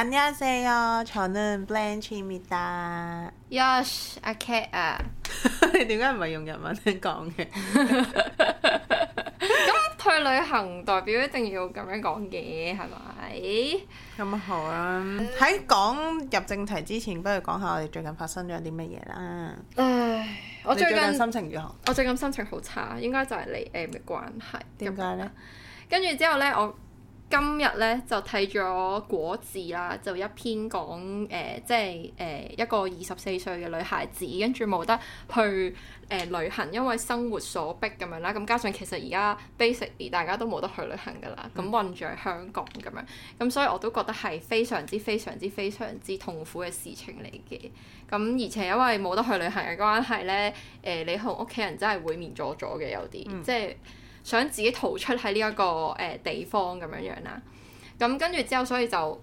안녕하세요,저는 Blanche 입니다 Yes, okay 啊。你點解唔係用日文講嘅？咁 去 旅行代表一定要咁樣講嘅係咪？咁好啊。喺講 入正題之前，不如講下我哋最近發生咗啲乜嘢啦。唉，我最近，最近心情如何？我最近心情好差，應該就係你嘅、呃、關係。點解咧？跟住之後咧，我。今日咧就睇咗果字啦，就一篇講誒、呃，即係誒、呃、一個二十四歲嘅女孩子，跟住冇得去誒、呃、旅行，因為生活所迫咁樣啦。咁加上其實而家 basically 大家都冇得去旅行噶啦，咁困住喺香港咁樣。咁所以我都覺得係非常之非常之非常之痛苦嘅事情嚟嘅。咁而且因為冇得去旅行嘅關係咧，誒、呃、你同屋企人真係會面阻阻嘅有啲，嗯、即係。想自己逃出喺呢一個誒、地方咁樣樣啦，咁跟住之後，所以就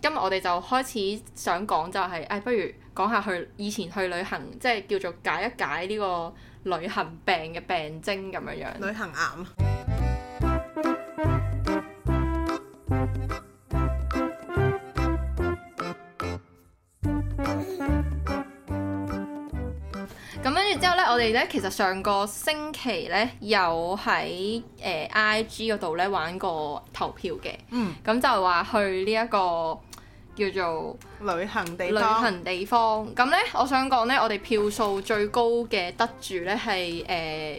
今日我哋就開始想講就係，誒、不如講下去以前去旅行，即係叫做解一解呢個旅行病嘅病徵咁樣樣。旅行癌。跟住之後咧，我哋咧其實上個星期咧，有喺誒、呃、IG 嗰度咧玩過投票嘅。嗯，咁就話去呢、這、一個叫做旅行地旅行地方。咁咧，我想講咧，我哋票數最高嘅得住咧係誒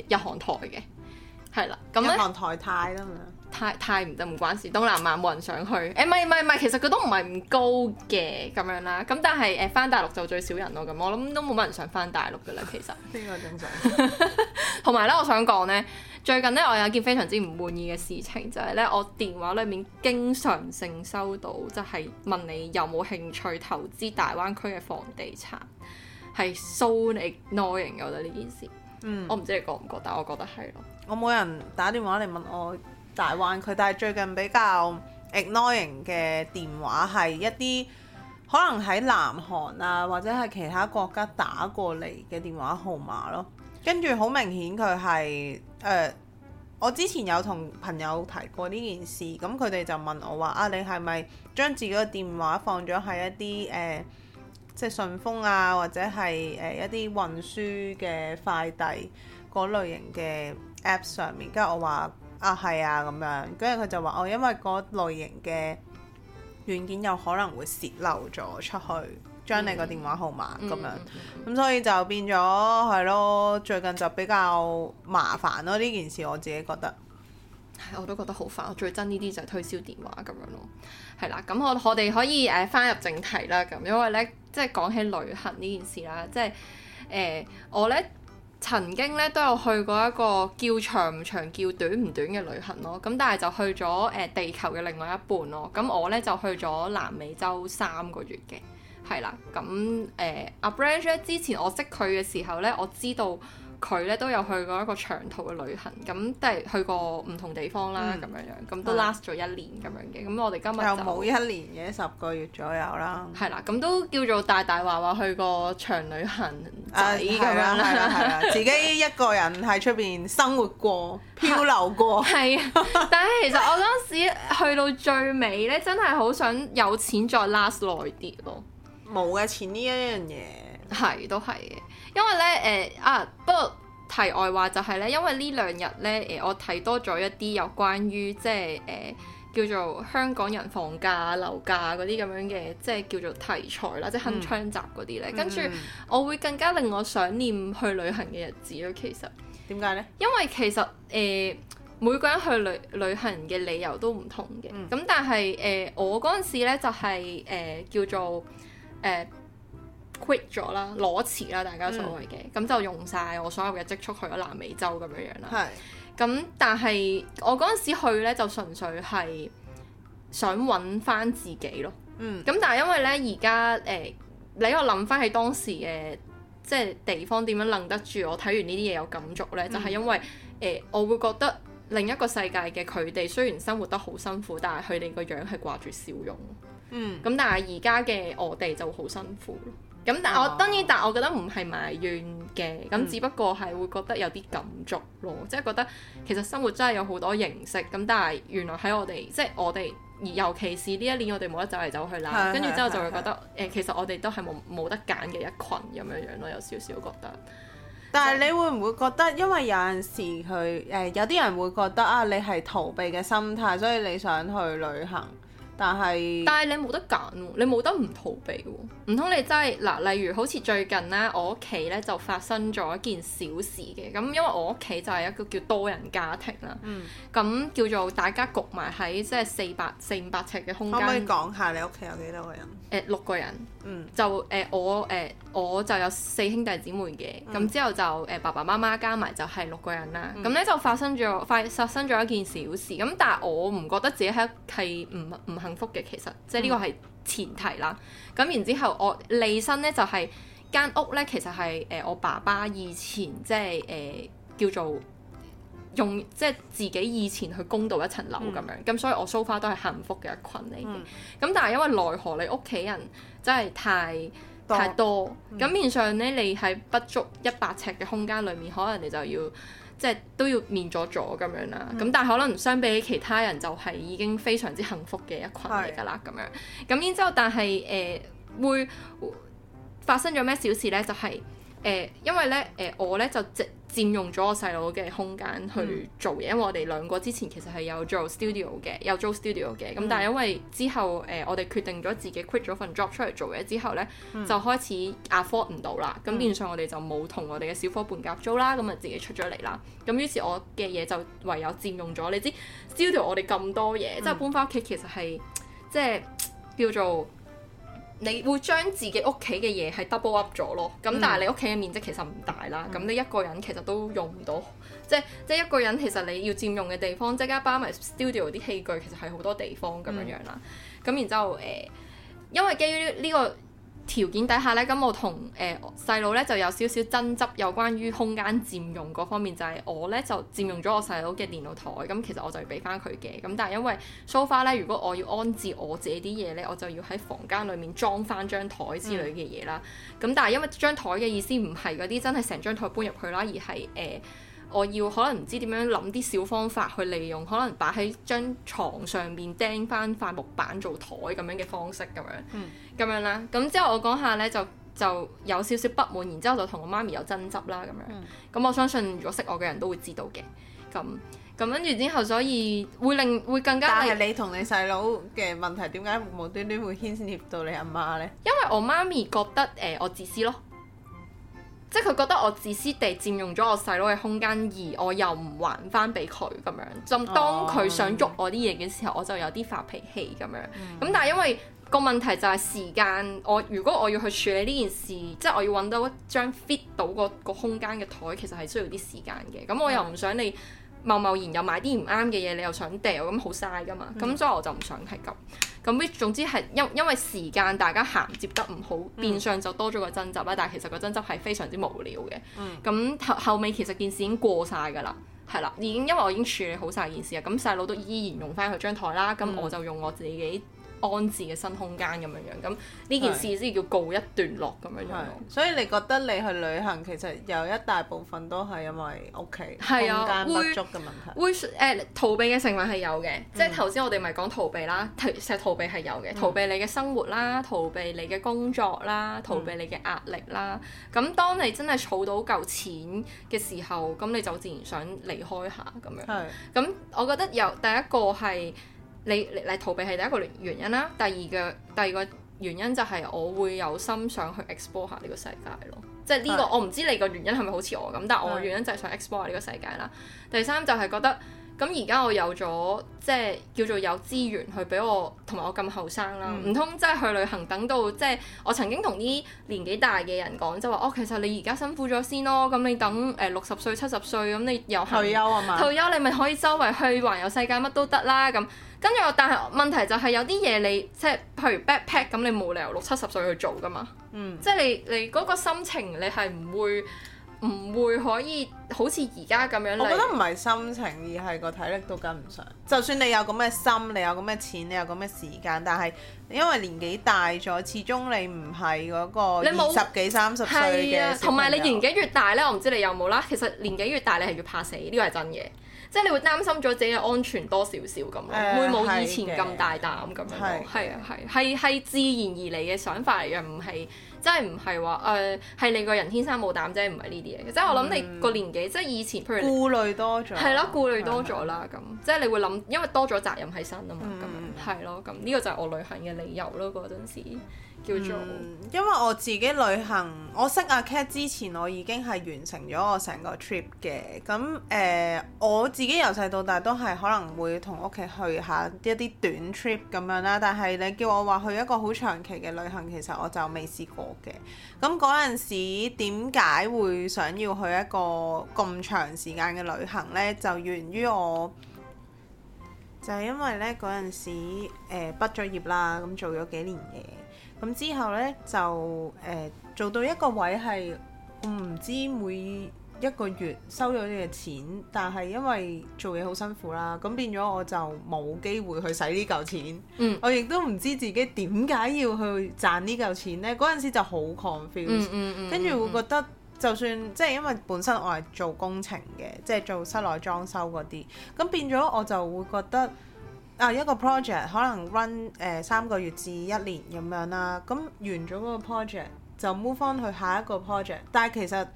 日韓台嘅，係啦。咁咧日韓台，太太唔得唔關事，東南亞冇人想去。誒、欸，唔係唔係，其實佢都唔係唔高嘅咁樣啦。咁但係誒，返、呃、大陸就最少人咯。咁我諗都冇乜人想返大陸嘅啦。其實 呢個正常。同埋咧，我想講咧，最近咧，我有一件非常之唔滿意嘅事情，就係、是、咧，我電話裏面經常性收到，即、就、係、是、問你有冇興趣投資大灣區嘅房地產，係騷你內營嘅。我覺得呢件事，嗯，我唔知你覺唔覺，得，我覺得係咯。我冇人打電話嚟問我。大灣區，但係最近比較 ignoring 嘅電話係一啲可能喺南韓啊，或者係其他國家打過嚟嘅電話號碼咯。跟住好明顯佢係誒，我之前有同朋友提過呢件事，咁佢哋就問我話啊，你係咪將自己嘅電話放咗喺一啲誒，即係順豐啊，或者係誒一啲運輸嘅快遞嗰類型嘅 app 上面？跟住我話。啊，係啊，咁樣，跟住佢就話哦，因為嗰類型嘅軟件有可能會泄漏咗出去，將你個電話號碼咁、嗯、樣，咁、嗯嗯嗯嗯、所以就變咗係咯，最近就比較麻煩咯，呢件事我自己覺得，係，我都覺得好煩，我最憎呢啲就係推銷電話咁樣咯，係啦，咁我我哋可以誒翻、呃、入正題啦，咁因為咧，即係講起旅行呢件事啦，即係誒、呃、我咧。曾經咧都有去過一個叫長唔長、叫短唔短嘅旅行咯，咁但係就去咗誒、呃、地球嘅另外一半咯。咁我咧就去咗南美洲三個月嘅，係啦。咁誒、呃、阿 Branch 咧之前我識佢嘅時候咧，我知道。佢咧都有去過一個長途嘅旅行，咁都係去過唔同地方啦，咁樣、嗯、樣，咁都 last 咗一年咁樣嘅，咁、嗯、我哋今日就冇一年嘅十個月左右啦。係啦，咁都叫做大大話話去過長旅行仔啊，啊咁樣啦，係啦係啦，自己一個人喺出邊生活過，漂流過。係啊， 但係其實我嗰陣時去到最尾咧，真係好想有錢再 last 耐啲咯。冇嘅錢呢一樣嘢，係都係嘅。因為咧，誒、呃、啊，不過題外話就係咧，因為呢兩日咧，誒我睇多咗一啲有關於即係誒、呃、叫做香港人房價、樓價嗰啲咁樣嘅，即係叫做題材啦，即係鏗鏘集嗰啲咧，跟住我會更加令我想念去旅行嘅日子咯。其實點解咧？為呢因為其實誒、呃、每個人去旅旅行嘅理由都唔同嘅，咁、嗯、但係誒、呃、我嗰陣時咧就係、是、誒、呃、叫做誒。呃 quit 咗啦，裸辭啦，大家所謂嘅咁、嗯、就用晒我所有嘅積蓄去咗南美洲咁樣樣啦。咁是，但係我嗰陣時去呢，就純粹係想揾翻自己咯。嗯，咁但係因為呢，而家誒，你我諗翻起當時嘅即係地方點樣楞得住，我睇完呢啲嘢有感觸呢，就係、是、因為誒、嗯呃、我會覺得另一個世界嘅佢哋雖然生活得好辛苦，但係佢哋個樣係掛住笑容。嗯，咁但係而家嘅我哋就好辛苦。咁但我當然，oh. 但我覺得唔係埋怨嘅，咁只不過係會覺得有啲感觸咯，嗯、即係覺得其實生活真係有好多形式，咁但係原來喺我哋，即係我哋，尤其是呢一年我哋冇得走嚟走去啦，跟住的之後就會覺得誒的、呃，其實我哋都係冇冇得揀嘅一群咁樣樣咯，有少少覺得。但係你會唔會覺得，的因為有陣時佢誒、呃，有啲人會覺得啊，你係逃避嘅心態，所以你想去旅行？但係，但係你冇得揀喎，你冇得唔逃避喎，唔通你真係嗱？例如好似最近咧，我屋企咧就發生咗一件小事嘅，咁因為我屋企就係一個叫多人家庭啦，咁、嗯、叫做大家焗埋喺即係四百四五百尺嘅空間。可唔可以講下你屋企有幾多個人？誒，六個人。嗯，就誒、呃、我誒、呃、我就有四兄弟姊妹嘅，咁、嗯、之後就誒、呃、爸爸媽媽加埋就係六個人啦。咁咧、嗯、就發生咗，發發生咗一件小事。咁但係我唔覺得自己係係唔唔幸福嘅，其實即係呢個係前提啦。咁、嗯、然之後我離身咧就係、是、間屋咧，其實係誒、呃、我爸爸以前即係誒、呃、叫做。用即係自己以前去供到一層樓咁樣，咁、嗯、所以我 so far 都係幸福嘅一群嚟嘅。咁、嗯、但係因為奈何你屋企人真係太多太多，咁面上咧你喺不足一百尺嘅空間裏面，可能你就要即係都要面咗咗咁樣啦。咁、嗯、但係可能相比起其他人，就係已經非常之幸福嘅一群嚟㗎喇咁樣。咁然之後但，但係誒會發生咗咩小事咧？就係、是。誒、呃，因為咧，誒、呃、我咧就佔佔用咗我細佬嘅空間去做嘢，嗯、因為我哋兩個之前其實係有做 studio 嘅，有租 studio 嘅，咁、嗯、但係因為之後誒、呃，我哋決定咗自己 quit 咗份 job 出嚟做嘢之後咧，嗯、就開始 afford 唔到啦，咁、嗯、變相我哋就冇同我哋嘅小伙伴夾租啦，咁啊自己出咗嚟啦，咁於是我嘅嘢就唯有佔用咗，你知 studio 我哋咁多嘢，即係、嗯、搬翻屋企其實係即係叫做。你會將自己屋企嘅嘢係 double up 咗咯，咁但係你屋企嘅面積其實唔大啦，咁你一個人其實都用唔到，嗯、即即一個人其實你要佔用嘅地方，即加包埋 studio 啲器具其實係好多地方咁樣樣啦，咁、嗯、然之後誒、呃，因為基於呢、呢個。呢個條件底下呢，咁我同誒細佬呢就有少少爭執，有關於空間佔用嗰方面，就係、是、我呢就佔用咗我細佬嘅電腦台，咁其實我就要俾翻佢嘅，咁但係因為 sofa 呢，如果我要安置我自己啲嘢呢，我就要喺房間裡面裝翻張台之類嘅嘢啦，咁、嗯、但係因為張台嘅意思唔係嗰啲真係成張台搬入去啦，而係誒。呃我要可能唔知點樣諗啲小方法去利用，可能擺喺張床上面，釘翻塊木板做台咁樣嘅方式咁樣，咁、嗯、樣啦。咁之後我講下呢，就就有少少不滿，然之後就同我媽咪有爭執啦咁樣。咁、嗯嗯、我相信如果識我嘅人都會知道嘅。咁咁跟住之後，所以會令會更加。但係你同你細佬嘅問題點解無端端會牽涉到你阿媽呢？因為我媽咪覺得誒、呃、我自私咯。即係佢覺得我自私地佔用咗我細佬嘅空間，而我又唔還翻俾佢咁樣。就當佢想喐我啲嘢嘅時候，我就有啲發脾氣咁樣。咁、嗯、但係因為個問題就係時間，我如果我要去處理呢件事，即係我要揾到一張 fit 到個個空間嘅台，其實係需要啲時間嘅。咁我又唔想你貿貿然又買啲唔啱嘅嘢，你又想掉，咁好嘥噶嘛。咁、嗯、所以我就唔想係咁。咁總之係因因為時間大家銜接得唔好，變相就多咗個爭執啦。但係其實個爭執係非常之無聊嘅。咁、嗯、後後尾其實件事已經過晒㗎啦，係啦，已經因為我已經處理好晒件事啊。咁細佬都依然用翻佢張台啦，咁我就用我自己，安置嘅新空間咁樣樣，咁呢件事先叫告一段落咁樣樣。所以你覺得你去旅行其實有一大部分都係因為屋企空間不足嘅問題。啊、會誒、呃、逃避嘅成分係有嘅，嗯、即係頭先我哋咪講逃避啦，其實逃避係有嘅，逃避你嘅生活啦，逃避你嘅工作啦，逃避你嘅壓力啦。咁、嗯、當你真係儲到夠錢嘅時候，咁你就自然想離開下咁樣。咁是我覺得有第一個係。你嚟逃避係第一個原因啦，第二個第二個原因就係我會有心想去 explore 下呢個世界咯，即係呢個我唔知你個原因係咪好似我咁，但係我嘅原因就係想 explore 下呢個世界啦。第三就係覺得咁而家我有咗即係叫做有資源去俾我同埋我咁後生啦，唔通真係去旅行等到即係、就是、我曾經同啲年紀大嘅人講就話哦，其實你而家辛苦咗先咯，咁你等誒六十歲、七十歲咁你又退休啊嘛，退休你咪可以周圍去環遊世界乜都得啦咁。跟住我，但係問題就係有啲嘢你即係，譬如 backpack 咁，你冇理由六七十歲去做噶嘛。嗯即。即係你你嗰個心情你，你係唔會唔會可以好似而家咁樣。我覺得唔係心情，而係個體力都跟唔上。 就算你有咁嘅心，你有咁嘅錢，你有咁嘅時間，但係因為年紀大咗，始終你唔係嗰個冇，二十幾三十歲嘅。同埋、啊、你年紀越大咧，我唔知你有冇啦。其實年紀越大，你係越怕死，呢、呢個係真嘅。即係你會擔心咗自己嘅安全多少少咁咯，呃、會冇以前咁大膽咁樣。係啊係係係自然而嚟嘅想法嚟嘅，唔係即係唔係話誒係你個人天生冇膽啫，唔係呢啲嘢。即係、嗯、我諗你個年紀，即係以前，譬如顧慮多咗係咯，顧慮多咗啦咁。即係你會諗，因為多咗責任喺身啊嘛，咁係咯咁。呢個就係我旅行嘅理由咯，嗰陣時。叫做、嗯，因為我自己旅行，我識阿 Cat 之前，我已經係完成咗我成個 trip 嘅。咁誒、呃，我自己由細到大都係可能會同屋企去一下一啲短 trip 咁樣啦。但係你叫我話去一個好長期嘅旅行，其實我就未試過嘅。咁嗰陣時點解會想要去一個咁長時間嘅旅行呢？就源於我就係因為呢嗰陣時誒、呃、畢咗業啦，咁做咗幾年嘢。咁之後呢，就誒、呃、做到一個位係唔知每一個月收咗啲嘅錢，但係因為做嘢好辛苦啦，咁變咗我就冇機會去使呢嚿錢。嗯、我亦都唔知自己點解要去賺呢嚿錢呢，嗰陣時就好 confuse。跟住會覺得就算即係因為本身我係做工程嘅，即係做室內裝修嗰啲，咁變咗我就會覺得。啊一個 project 可能 run 誒、呃、三個月至一年咁樣啦，咁完咗嗰個 project 就 move 翻去下一個 project，但係其實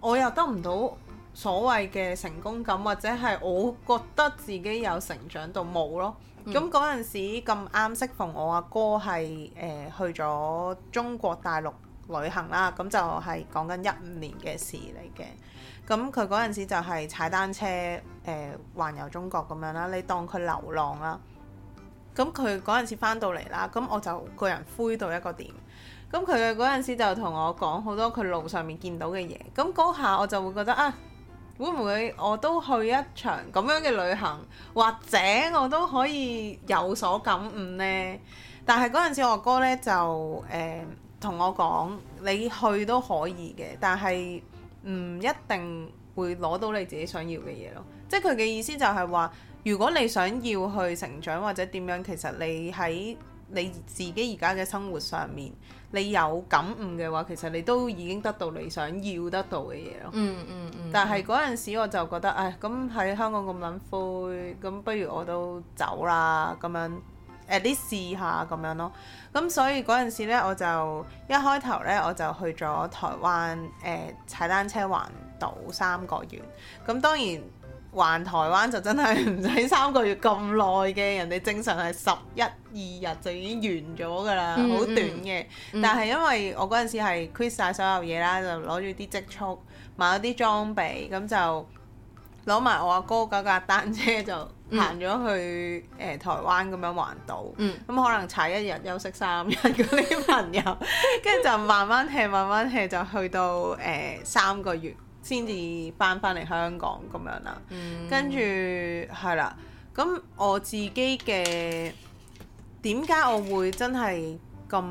我又得唔到所謂嘅成功感，或者係我覺得自己有成長到冇咯。咁嗰陣時咁啱適逢我阿哥係誒、呃、去咗中國大陸旅行啦，咁就係講緊一五年嘅事嚟嘅。咁佢嗰陣時就係踩單車，誒、呃、環遊中國咁樣啦。你當佢流浪啦。咁佢嗰陣時翻到嚟啦，咁我就個人灰到一個點。咁佢嗰陣時就同我講好多佢路上面見到嘅嘢。咁嗰下我就會覺得啊，會唔會我都去一場咁樣嘅旅行，或者我都可以有所感悟呢？但係嗰陣時我哥呢，就誒同、呃、我講，你去都可以嘅，但係，唔一定會攞到你自己想要嘅嘢咯，即係佢嘅意思就係話，如果你想要去成長或者點樣，其實你喺你自己而家嘅生活上面，你有感悟嘅話，其實你都已經得到你想要得到嘅嘢咯。嗯嗯嗯。嗯嗯嗯。但係嗰陣時我就覺得，唉，咁喺香港咁撚灰，咁不如我都走啦，咁樣。誒啲試下咁樣咯，咁所以嗰陣時咧，我就一開頭呢，我就去咗台灣誒、呃、踩單車環島三個月。咁當然環台灣就真係唔使三個月咁耐嘅，人哋正常係十一二日就已經完咗㗎啦，好、嗯、短嘅。嗯、但係因為我嗰陣時係 quit 曬所有嘢啦，就攞住啲積蓄買咗啲裝備，咁就。攞埋我阿哥嗰架單車，就行咗去誒、嗯呃、台灣咁樣環島。咁、嗯、可能踩一日，休息三日嗰啲朋友，跟住 就慢慢 hea，慢慢 hea，就去到誒、呃、三個月先至翻翻嚟香港咁樣啦。嗯、跟住係啦，咁我自己嘅點解我會真係咁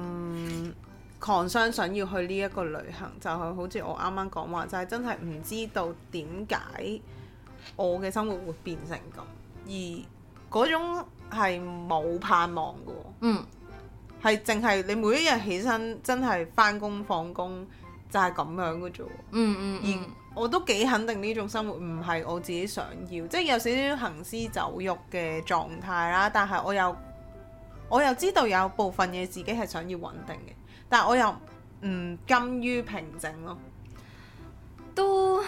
狂相想要去呢一個旅行，就係、是、好似我啱啱講話，就係、是、真係唔知道點解。我嘅生活會變成咁，而嗰種係冇盼望嘅，嗯，係淨係你每一日起身，真係翻工放工就係咁樣嘅啫，嗯，嗯嗯，而我都幾肯定呢種生活唔係我自己想要，即係有少少行屍走肉嘅狀態啦，但係我又我又知道有部分嘢自己係想要穩定嘅，但我又唔甘於平靜咯，都。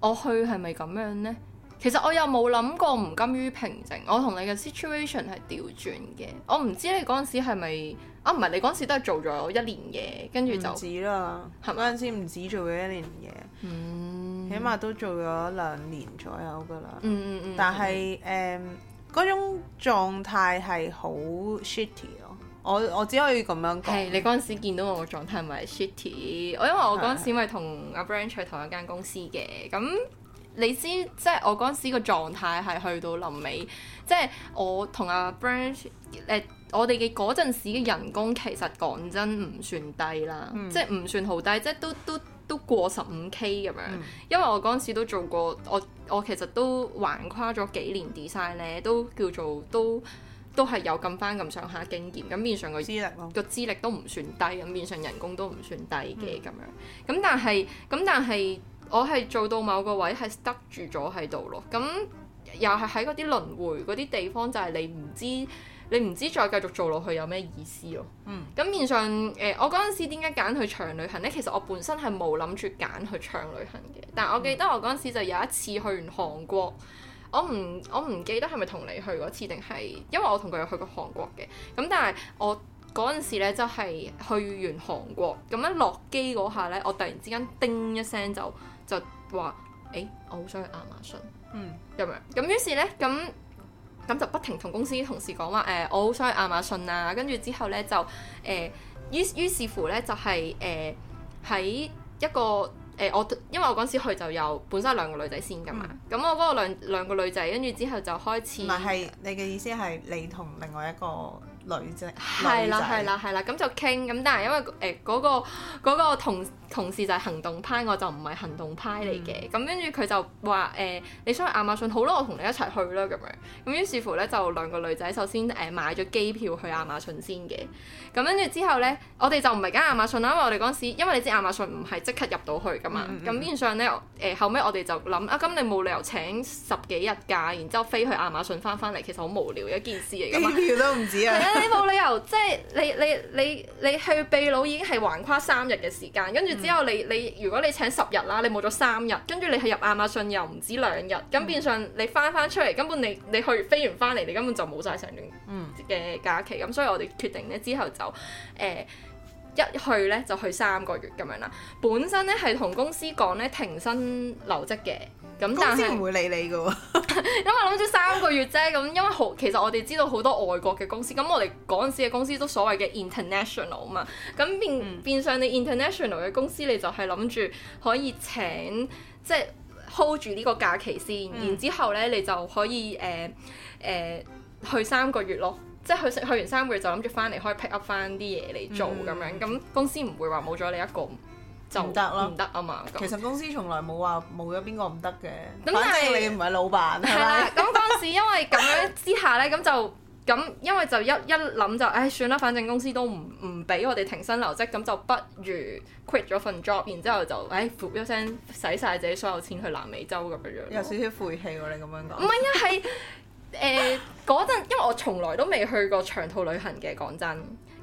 我去係咪咁樣呢？其實我又冇諗過唔甘於平靜。我同你嘅 situation 係調轉嘅。我唔知你嗰陣時係咪啊？唔係你嗰陣時都係做咗一年嘢，跟住就唔止啦。嗰陣吧時唔止做咗一年嘢，嗯、mm，hmm. 起碼都做咗兩年左右㗎啦。嗯嗯嗯。Hmm. 但係誒，嗰、um, 種狀態係好 shitty。我我只可以咁樣講。係你嗰陣時見到我嘅狀態係咪 shitty？我因為我嗰陣時咪同阿 Branch 去同一間公司嘅，咁的你知即係我嗰陣時個狀態係去到臨尾，即係我同阿 Branch 誒、呃，我哋嘅嗰陣時嘅人工其實講真唔算低啦，嗯、即係唔算好低，即係都都都過十五 K 咁樣。嗯、因為我嗰陣時都做過，我我其實都橫跨咗幾年 design 咧，都叫做都。都係有咁翻咁上下經驗，咁面上個個資歷都唔算低，咁面上人工都唔算低嘅咁、嗯、樣。咁但係，咁但係我係做到某個位係 stuck 住咗喺度咯。咁又係喺嗰啲輪迴嗰啲地方，就係你唔知，你唔知再繼續做落去有咩意思咯。嗯。咁面上，誒、呃，我嗰陣時點解揀去長旅行呢？其實我本身係冇諗住揀去長旅行嘅，但係我記得我嗰陣時就有一次去完韓國。我唔我唔記得係咪同你去嗰次定係，因為我同佢去過韓國嘅。咁但係我嗰陣時呢，就係、是、去完韓國，咁樣落機嗰下呢，我突然之間叮一聲就就話，誒、欸，我好想去亞馬遜。嗯，咁樣，咁於是呢，咁咁就不停同公司同事講話，誒、呃，我好想去亞馬遜啊！跟住之後呢，就誒、呃，於於是乎呢，就係誒喺一個。誒、欸、我，因為我嗰陣時去就有本身兩個女仔先噶嘛，咁、嗯嗯、我嗰個兩兩個女仔，跟住之後就開始。唔係，係你嘅意思係你同另外一個女仔係啦係啦係啦，咁 就傾咁，但係因為誒嗰、呃嗰個嗰個同同事就係行動派，我就唔係行動派嚟嘅，咁跟住佢就話誒、呃、你想去亞馬遜，好啦，我同你一齊去啦咁樣，咁於是乎咧就兩個女仔首先誒、呃、買咗機票去亞馬遜先嘅，咁跟住之後咧我哋就唔係揀亞馬遜啦，因為我哋嗰陣時因為你知亞馬遜唔係即刻入到去噶嘛，咁變相咧誒後尾、呃、我哋就諗啊，咁你冇理由請十幾日假，然之後飛去亞馬遜翻翻嚟，其實好無聊一件事嚟嘅嘛，票都唔止啊～ 你冇理由，即係你你你你去秘魯已經係橫跨三日嘅時間，跟住之後你你如果你請十日啦，你冇咗三日，跟住你係入亞馬遜又唔止兩日，咁變相你翻翻出嚟根本你你去飛完翻嚟，你根本就冇晒成段嘅假期。咁、嗯、所以我哋決定咧，之後就誒、呃、一去咧就去三個月咁樣啦。本身咧係同公司講咧停薪留職嘅。咁但係公司唔會理你噶喎，因為諗住三個月啫。咁因為好，其實我哋知道好多外國嘅公司，咁我哋嗰陣時嘅公司都所謂嘅 international 嘛。咁變、嗯、變相你 international 嘅公司，你就係諗住可以請即係、就是、hold 住呢個假期先，嗯、然之後咧你就可以誒誒、呃呃、去三個月咯。即係去去完三個月就諗住翻嚟可以 pick up 翻啲嘢嚟做咁樣。咁、嗯、公司唔會話冇咗你一個，就唔得咯，唔得啊嘛！其實公司從來冇話冇咗邊個唔得嘅，但係，反正你唔係老闆，係咪？係啦，咁當時因為咁樣之下咧，咁 就咁，因為就一一諗就，唉、哎，算啦，反正公司都唔唔俾我哋停薪留職，咁就不如 quit 咗份 job，然之後就唉，呼、哎、一聲，使晒自己所有錢去南美洲咁樣樣。有少少晦氣喎，你咁樣講。唔係啊，係誒嗰陣，因為我從來都未去過長途旅行嘅，講真。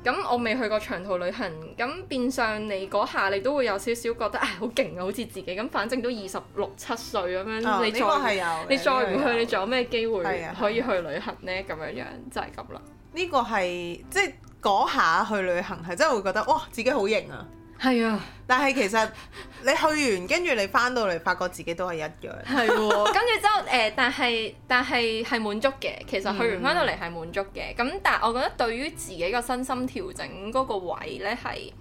咁我未去過長途旅行，咁變相你嗰下你都會有少少覺得，唉、啊，好勁啊，好似自己咁，反正都二十六七歲咁樣，哦、你再係有，你再唔去，你仲有咩機會可以去旅行呢？咁、啊、樣、就係、樣就係咁啦。呢個係即係嗰下去旅行係真係會覺得，哇，自己好型啊！係啊，但係其實你去完跟住 你翻到嚟，發覺自己都係一樣。係， 跟住之後誒、呃，但係但係係滿足嘅。其實去完翻到嚟係滿足嘅。咁、嗯、但係我覺得對於自己個身心調整嗰個位呢，係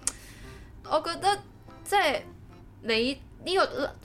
我覺得即係、就是、你。呢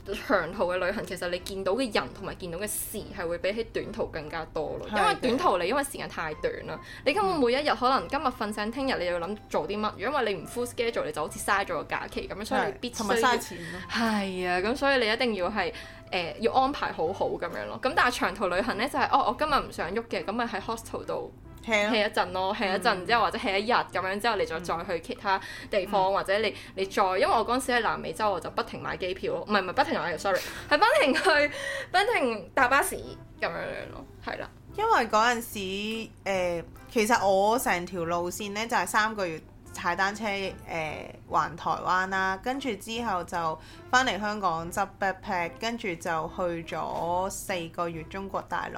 個長途嘅旅行其實你到見到嘅人同埋見到嘅事係會比起短途更加多咯，因為短途你因為時間太短啦，你根本每一日、嗯、可能今日瞓醒，聽日你要諗做啲乜，因為你唔 full schedule 你就好似嘥咗個假期咁樣，所以必須同埋嘥錢。係啊，咁所以你一定要係誒、呃、要安排好好咁樣咯，咁但係長途旅行咧就係、是、哦，我今日唔想喐嘅，咁咪喺 hostel 度。hea 一陣咯 hea 一陣之後、嗯、或者 hea 一日咁樣之後，你再再去其他地方，嗯、或者你你再，因為我嗰陣時喺南美洲，我就不停買機票咯，唔係唔係不停買，sorry，係 不停去不停搭巴士咁樣樣咯，係啦。因為嗰陣時、呃、其實我成條路線咧就係、是、三個月。踩單車誒環、呃、台灣啦、啊，跟住之後就翻嚟香港執 backpack，跟住就去咗四個月中國大陸。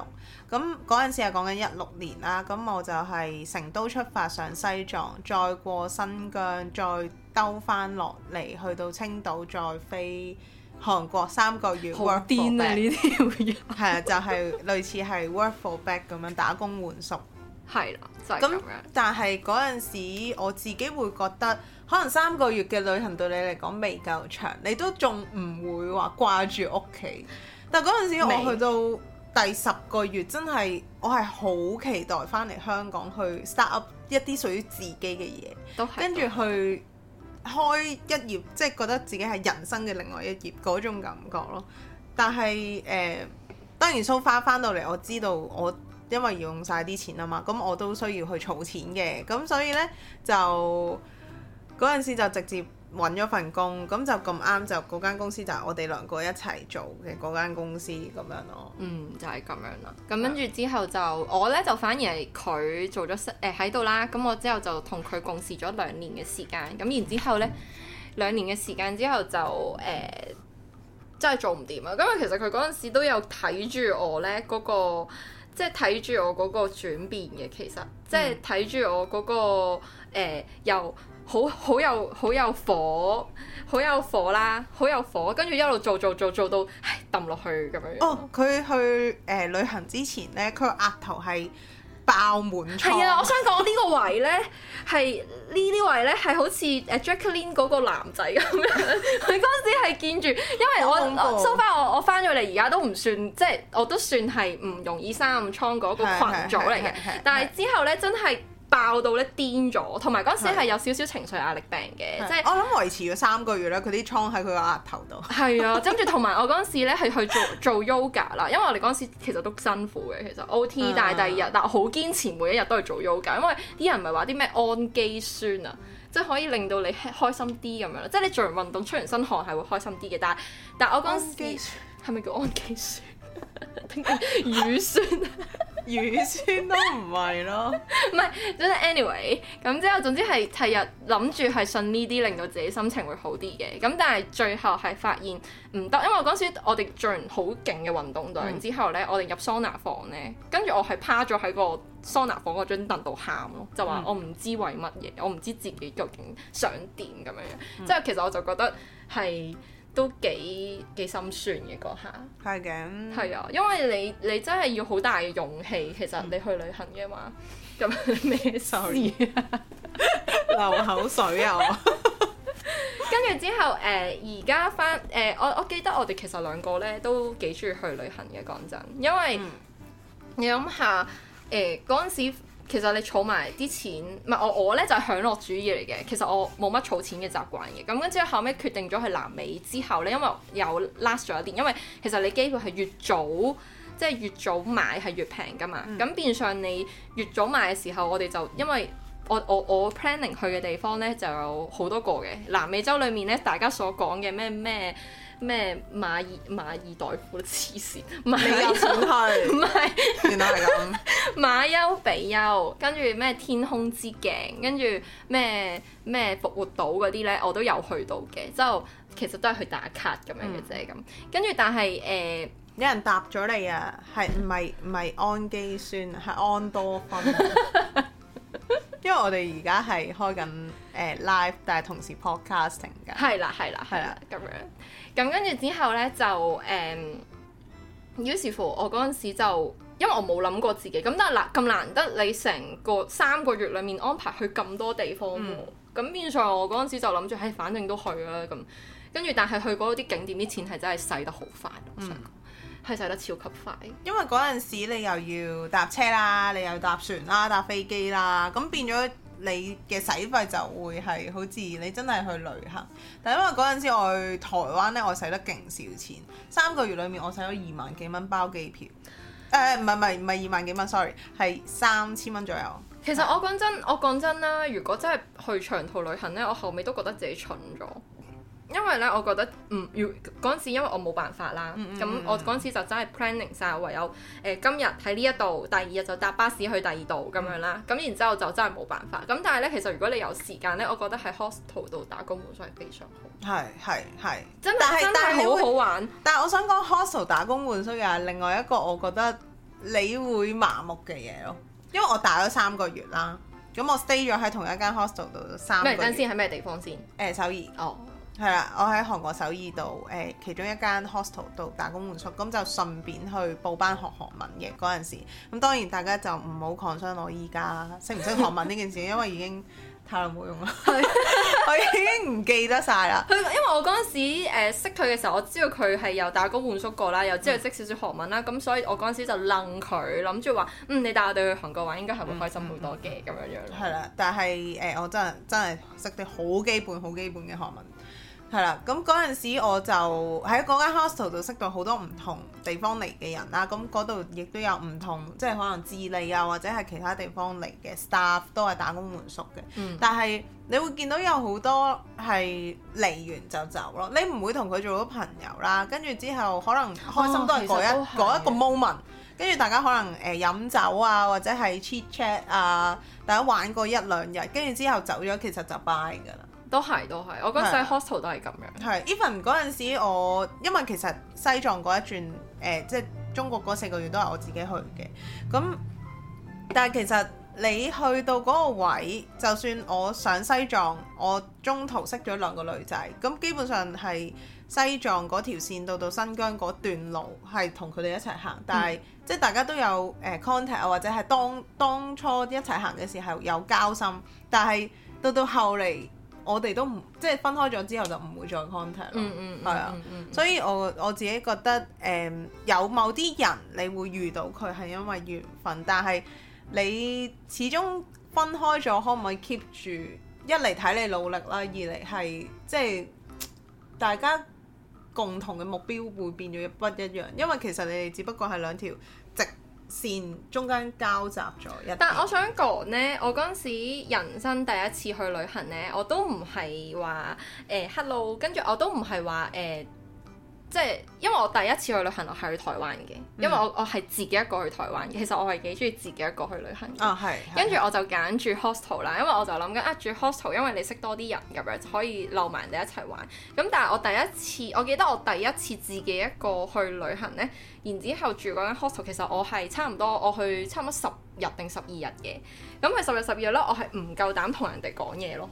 咁嗰陣時係講緊一六年啦、啊，咁我就係成都出發上西藏，再過新疆，再兜翻落嚟去到青島，再飛韓國三個月好癲呀呢啲係啊，就係類似係 work for back 咁、 就是、樣打工換宿。係啦，咁、就係、但係嗰陣時，我自己會覺得可能三個月嘅旅行對你嚟講未夠長，你都仲唔會話掛住屋企。但係嗰陣時，我去到第十個月，沒真係我係好期待翻嚟香港去 start up 一啲屬於自己嘅嘢，跟住是去開一頁，即、就、係、是、覺得自己係人生嘅另外一頁嗰種感覺咯。但係誒、呃，當然 so far 翻到嚟，我知道我。因為要用晒啲錢啊嘛，咁我都需要去儲錢嘅，咁所以呢，就嗰陣時就直接揾咗份工，咁就咁啱就嗰間公司就係我哋兩個一齊做嘅嗰間公司咁樣咯。嗯，就係、是、咁樣啦。咁跟住之後就我呢，就反而係佢做咗室誒喺度啦，咁我之後就同佢共事咗兩年嘅時間，咁然之後呢，兩年嘅時間之後就誒、呃、真係做唔掂啊！因為其實佢嗰陣時都有睇住我呢嗰、那個。即係睇住我嗰個轉變嘅，其實即係睇住我嗰、那個誒，又、呃、好好有好有火，好有火啦，好有火，跟住一路做做做做到，唉，抌落去咁樣。哦，佢去誒、呃、旅行之前咧，佢個額頭係。爆滿倉係啊。我想講呢個位呢，係呢啲位呢，係好似誒 Jacqueline 嗰個男仔咁樣，佢嗰陣時係見住，因為我收翻我我翻咗嚟，而家都唔算即係，我都算係唔容易生暗瘡嗰個羣組嚟嘅，但係之後呢，真係。爆到咧癲咗，同埋嗰陣時係有少少情緒壓力病嘅，的即係是我諗維持咗三個月啦，佢啲瘡喺佢個額頭度。係啊的，跟住同埋我嗰陣時咧係去做做 yoga 啦，因為我哋嗰陣時其實都辛苦嘅，其實 OT、嗯、但係第二日但好堅持每一日都去做 yoga，因為啲人唔係話啲咩氨基酸啊，即係可以令到你開心啲咁樣，即係你做完運動出完身汗係會開心啲嘅，但係但係我嗰陣時係咪叫氨基酸？乳酸。 乳酸都唔係咯，唔係， 即係 anyway，咁之後總之係第日諗住係信呢啲令到自己心情會好啲嘅，咁但係最後係發現唔得，因為我嗰時我哋做完好勁嘅運動，之後呢，嗯、我哋入桑拿房呢，跟住我係趴咗喺個桑拿房嗰張凳度喊咯，就話我唔知為乜嘢，嗯、我唔知自己究竟想點咁樣樣，即係、嗯、其實我就覺得係。都幾幾心酸嘅嗰下，係嘅的，係啊，因為你你真係要好大嘅勇氣，其實你去旅行嘅話，咁咩、嗯、 事？ 流口水啊！跟住之後，誒、呃，而家翻，誒、呃，我我記得我哋其實兩個咧都幾中意去旅行嘅，講真，因為、嗯、你諗下，誒、呃，嗰陣時。其實你儲埋啲錢，唔係我我咧就係、是、享樂主義嚟嘅。其實我冇乜儲錢嘅習慣嘅。咁跟之後後尾決定咗去南美之後咧，因為又 last 咗一啲。因為其實你機票係越早即係、就是、越早買係越平㗎嘛。咁、嗯、變相你越早買嘅時候，我哋就因為我我我 planning 去嘅地方咧就有好多個嘅南美洲裡面咧，大家所講嘅咩咩。咩馬爾馬爾代夫黐線，未夠錢去，唔係 是，原來係咁。馬丘比丘，跟住咩天空之鏡，跟住咩咩復活島嗰啲咧，我都有去到嘅，之後其實都係去打卡咁樣嘅啫咁。嗯、跟住但係誒，呃、有人答咗你啊，係唔係唔係氨基酸啊？係安多芬。Sun, fun, 因為我哋而家係開緊誒 live，但係同時 podcasting 㗎。係 啦，係啦，係啦，咁樣。咁跟住之後呢，就誒、嗯，於是乎我嗰陣時就，因為我冇諗過自己，咁但係難咁難得你成個三個月裡面安排去咁多地方喎，咁、嗯、變相我嗰陣時就諗住，嘿、欸，反正都去啦咁，跟住但係去嗰啲景點啲錢係真係使得好快，我諗、嗯，係使得超級快，因為嗰陣時你又要搭車啦，你又搭船啦，搭飛機啦，咁變咗。你嘅使費就會係好自然，你真係去旅行，但因為嗰陣時我去台灣呢，我使得勁少錢，三個月裡面我使咗二萬幾蚊包機票，誒、唔係，唔係，唔係二萬幾蚊，sorry 係三千蚊左右。其實我講真，我講真啦，如果真係去長途旅行呢，我後尾都覺得自己蠢咗。因為咧，我覺得唔要嗰陣時，因為我冇辦法啦。咁、mm hmm. 我嗰陣時就真係 planning 晒，唯有誒、呃、今日喺呢一度，第二日就搭巴士去第二度咁樣啦。咁、mm hmm. 然之後就真係冇辦法。咁但係咧，其實如果你有時間咧，我覺得喺 hostel 度打工換宿係非常好。係係係，真係但係好好玩。但係我想講 hostel 打工換宿又係另外一個我覺得你會麻木嘅嘢咯。因為我打咗三個月啦，咁我 stay 咗喺同一間 hostel 度三個月。先喺咩地方先？誒、欸、首爾哦。Oh. 係啦，我喺韓國首爾度，誒、呃、其中一間 hostel 度打工換宿，咁就順便去報班學韓文嘅嗰陣時。咁當然大家就唔好 concern 我依家識唔識韓文呢件事，因為已經太耐冇用啦， 我已經唔記得晒啦。佢因為我嗰陣時誒識佢嘅時候，我知道佢係有打工換宿過啦，又知道識少少韓文啦，咁、嗯、所以我嗰陣時就冧佢，諗住話，嗯你帶我哋去韓國玩應該係會開心好多嘅咁樣樣。係啦，但係誒、呃、我真係真係識啲好基本好基本嘅韓文。係啦，咁嗰陣時我就喺嗰間 hostel 度識到好多唔同地方嚟嘅人啦。咁嗰度亦都有唔同，即係可能智利啊，或者係其他地方嚟嘅 staff 都係打工換宿嘅。嗯、但係你會見到有好多係嚟完就走咯，你唔會同佢做咗朋友啦。跟住之後可能開心都係嗰一、哦、其實、一個 moment。跟住大家可能誒、呃、飲酒啊，或者係 chat chat 啊，大家玩過一兩日，跟住之後走咗，其實就 bye 㗎啦。都係，都係。我覺得細個 hostel 都係咁樣。係 even 嗰陣時我，我因為其實西藏嗰一轉，誒、欸、即係中國嗰四個月都係我自己去嘅。咁但係其實你去到嗰個位，就算我上西藏，我中途識咗兩個女仔。咁基本上係西藏嗰條線到到新疆嗰段路係同佢哋一齊行，但係、嗯、即係大家都有誒 contact，欸、或者係當當初一齊行嘅時候有交心，但係到到後嚟。我哋都唔即係分開咗之後就唔會再 contact 咯，係啊，所以我我自己覺得誒、嗯、有某啲人你會遇到佢係因為緣分，但係你始終分開咗可唔可以 keep 住一嚟睇你努力啦，二嚟係即係大家共同嘅目標會變咗不一樣，因為其實你哋只不過係兩條。線中間交集咗一，但我想講呢，我嗰陣時人生第一次去旅行呢，我都唔係話誒 hello，跟住我都唔係話誒。呃即係因為我第一次去旅行我係去台灣嘅，因為我我係自己一個去台灣嘅，其實我係幾中意自己一個去旅行嘅。啊、哦，跟住我就揀住 hostel 啦，因為我就諗緊啊住 hostel，因為你識多啲人咁樣，就可以留埋人哋一齊玩。咁但係我第一次，我記得我第一次自己一個去旅行呢，然之後住嗰間 hostel，其實我係差唔多我去差唔多十日定十二日嘅。咁佢十日十二日咧，我係唔夠膽同人哋講嘢咯。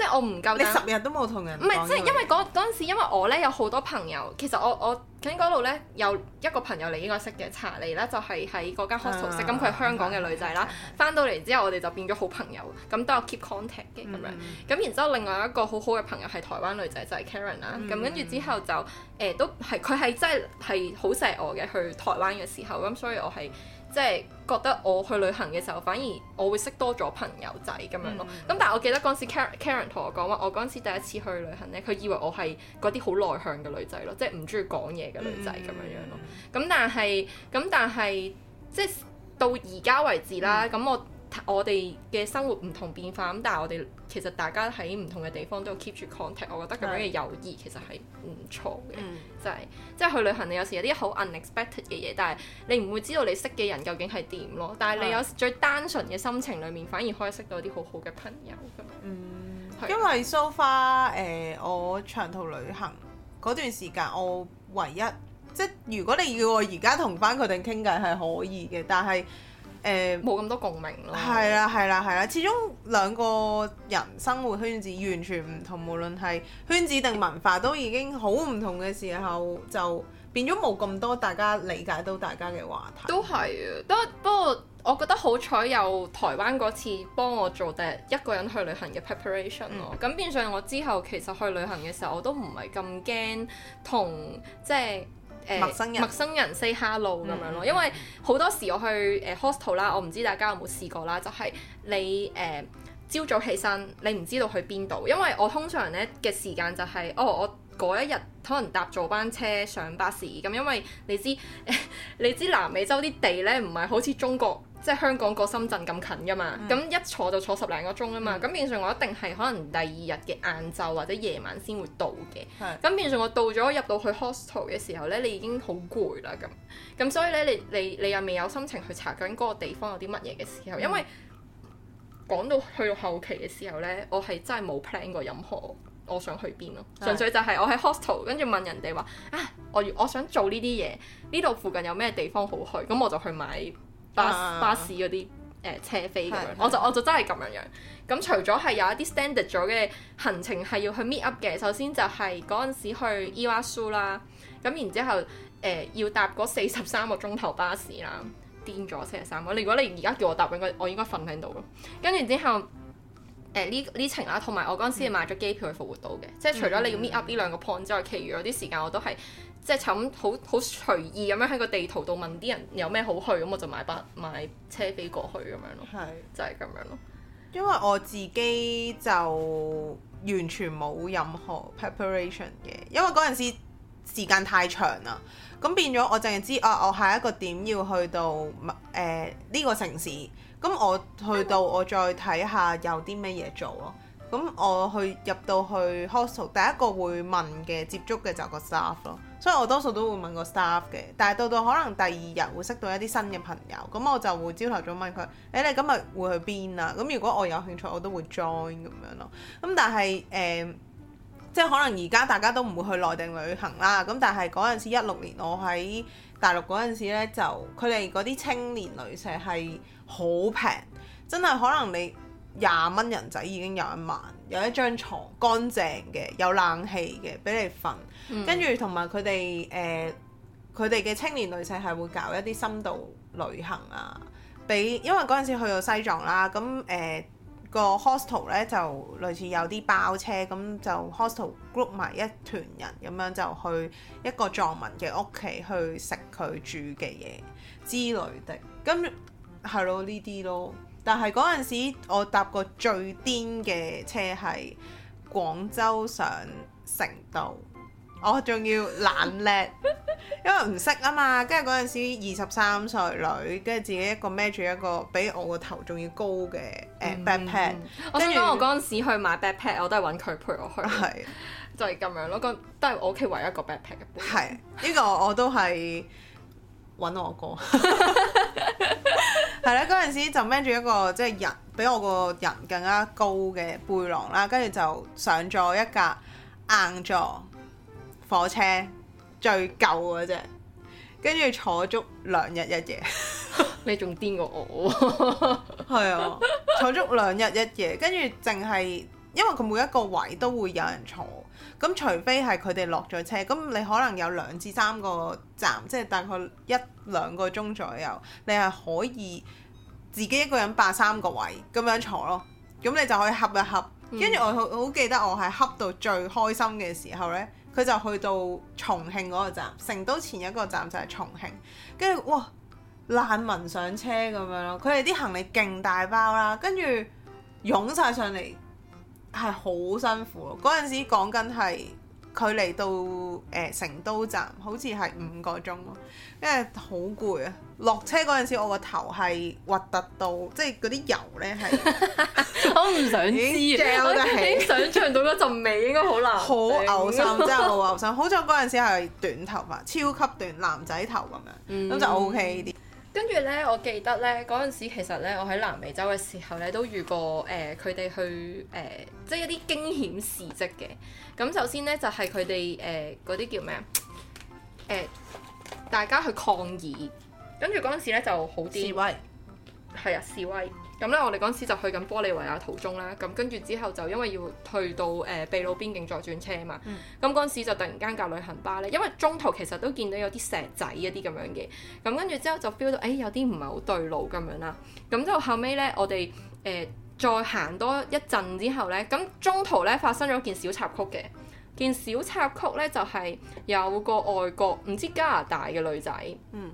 即係我唔夠膽，你十日都冇同人。唔係，即係因為嗰嗰陣時，因為我咧有好多朋友。其實我我喺嗰度咧有一個朋友你應該識嘅查理咧，就係喺嗰間 hostel 識，咁佢係香港嘅女仔啦。翻、啊啊啊、到嚟之後，我哋就變咗好朋友，咁都有 keep contact 嘅咁、嗯、樣。咁然之後，另外一個好好嘅朋友係台灣女仔，就係、是、Karen 啦、嗯。咁跟住之後就誒、欸、都係佢係真係係好錫我嘅，去台灣嘅時候，咁所以我係。即係覺得我去旅行嘅時候，反而我會識多咗朋友仔咁樣咯。咁、mm hmm. 但係我記得嗰陣時 Karen Karen 同我講話，我嗰陣時第一次去旅行咧，佢以為我係嗰啲好內向嘅女仔咯，即係唔中意講嘢嘅女仔咁樣樣咯。咁、mm hmm. 但係，咁但係，即係到而家為止啦。咁我、mm。Hmm. 我哋嘅生活唔同變化咁，但係我哋其實大家喺唔同嘅地方都 keep 住 contact，我覺得咁樣嘅友誼其實係唔錯嘅，的嗯、就係、是、即係去旅行你有時有啲好 unexpected 嘅嘢，但係你唔會知道你識嘅人究竟係點咯。但係你有最單純嘅心情裡面，反而可以識到啲好好嘅朋友咁樣。嗯的，因為 so far 誒，我長途旅行嗰段時間，我唯一即係如果你要我而家同翻佢哋傾偈係可以嘅，但係。誒冇咁多共鳴咯，係啦係啦係啦，始終兩個人生活圈子完全唔同，無論係圈子定文化，都已經好唔同嘅時候，就變咗冇咁多大家理解到大家嘅話題。都係啊，不不過我覺得好彩有台灣嗰次幫我做第一，一個人去旅行嘅 preparation 咯、啊，咁、嗯、變相我之後其實去旅行嘅時候我都唔係咁驚同即係。呃、陌生人、陌生人，say hello 咁、嗯、樣咯，因為好多時我去誒 hostel 啦，呃、hostel, 我唔知大家有冇試過啦，就係、是、你誒朝、呃、早起身，你唔知道去邊度，因為我通常咧嘅時間就係、是、哦，我嗰一日可能搭早班車上巴士，咁因為你知、呃、你知南美洲啲地咧唔係好似中國。即係香港過深圳咁近噶嘛，咁、嗯、一坐就坐十兩個鐘啊嘛，咁、嗯、變相我一定係可能第二日嘅晏晝或者夜晚先會到嘅。咁、嗯、變相我到咗入到去 hostel 嘅時候呢，你已經好攰啦咁。咁所以呢，你你你又未有心情去查究竟嗰個地方有啲乜嘢嘅時候，因為講、嗯、到去到後期嘅時候呢，我係真係冇 plan 過任何我想去邊咯，嗯、純粹就係我喺 hostel 跟住問人哋話啊，我我想做呢啲嘢，呢度附近有咩地方好去，咁我就去買。巴士、uh, 巴士嗰啲誒車飛咁樣的我，我就我就真係咁樣樣。咁除咗係有一啲 standard 咗嘅行程係要去 meet up 嘅，首先就係嗰陣時去伊娃蘇啦，咁、嗯、然之後誒、呃、要搭嗰四十三個鐘頭巴士啦，癲咗四十三個。如果你而家叫我搭，應該我應該瞓喺度咯。跟住之後誒呢呢程啦、啊，同埋我嗰陣時買咗機票去復活島嘅，嗯、即係除咗你要 meet up 呢兩個 point 之外，其餘嗰啲時間我都係。即係就好好隨意咁樣喺個地圖度問啲人有咩好去，咁我就買包買車飛過去咁樣咯，係，就係咁樣咯。因為我自己就完全冇任何 preparation 嘅，因為嗰陣時時間太長啦，咁變咗我淨係知啊，我下一個點要去到誒呢、呃呢個城市，咁我去到我再睇下有啲咩嘢做咯。咁我去入到去 hostel，第一個會問嘅接觸嘅就個 staff 咯，所以我多數都會問個 staff 嘅。但係到到可能第二日會識到一啲新嘅朋友，咁我就會朝頭早問佢：誒、欸、你今日會去邊啊？咁如果我有興趣，我都會 join 咁樣咯。咁但係誒、呃、即係可能而家大家都唔會去內地旅行啦。咁但係嗰陣時一六年我喺大陸嗰陣時咧，就佢哋嗰啲青年旅社係好平，真係可能你。廿蚊人仔已經有一晚，有一張床乾淨嘅，有冷氣嘅俾你瞓，跟住同埋佢哋誒，佢哋嘅青年女性係會搞一啲深度旅行啊，俾因為嗰陣時去到西藏啦，咁誒、呃個 hostel 咧就類似有啲包車，咁就 hostel group 埋一團人咁樣就去一個藏民嘅屋企去食佢煮嘅嘢之類的，咁係咯，呢啲咯。但係嗰陣時，我搭過最癲嘅車係廣州上成都，我仲要懶叻， 因為唔識啊嘛。跟住嗰陣時二十三歲女，跟住自己一個孭住一個比我個頭仲要高嘅誒 backpack。我諗我嗰陣時去買 backpack，我都係揾佢陪我去，係，就係咁樣咯。都係我屋企唯一一個 backpack 嘅背囊。係，呢個我都係。 揾我哥，係 啦， 嗰陣時就孭住一個即係人，比我個人更加高嘅背囊啦，跟住就上咗一架硬座火車，最舊嗰隻，跟住坐足兩日一夜。 你仲癲過我？係 啊， 坐足兩日一夜，跟住淨係因為佢每一個位都會有人坐。咁除非係佢哋落咗車，咁你可能有兩至三個站，即係大概一兩個鐘左右，你係可以自己一個人霸三個位咁樣坐咯。咁你就可以恰一恰，跟住、嗯、我好記得我係恰到最開心嘅時候呢，佢就去到重慶嗰個站，成都前一個站就係重慶，跟住，哇，難民上車咁樣咯，佢哋啲行李勁大包啦，跟住湧晒上嚟。係好辛苦咯，嗰陣時講緊係距離到誒成都站，好似係五個鐘咯，因為好攰啊。落車嗰陣時，我個頭係核突到，即係嗰啲油咧係， 我唔想知啊，我已經想象到嗰陣味應該好難，好嘔 心，心，真係 好嘔心。好彩嗰陣時係短頭髮，超級短，男仔頭咁樣，咁、嗯、就 O K 啲。跟住呢，我記得呢嗰陣時其實呢我喺南美洲嘅時候呢，都遇過誒，佢、呃、哋去誒、呃，即係一啲驚險事蹟嘅。咁首先呢，就係佢哋誒嗰啲叫咩啊、呃？大家去抗議。跟住嗰陣時呢，就好啲。係啊，示威。咁咧、嗯，我哋嗰陣時就去緊玻利維亞途中啦。咁跟住之後就因為要去到誒、呃、秘魯邊境再轉車嘛。咁嗰陣時就突然間架旅行巴咧，因為中途其實都見到有啲石仔一啲咁樣嘅。咁跟住之後就 feel 到誒、欸、有啲唔係好對路咁樣啦。咁之後後尾咧，我哋誒、呃、再行多一陣之後咧，咁中途咧發生咗件小插曲嘅。件小插曲咧就係、是、有個外國唔知加拿大嘅女仔。嗯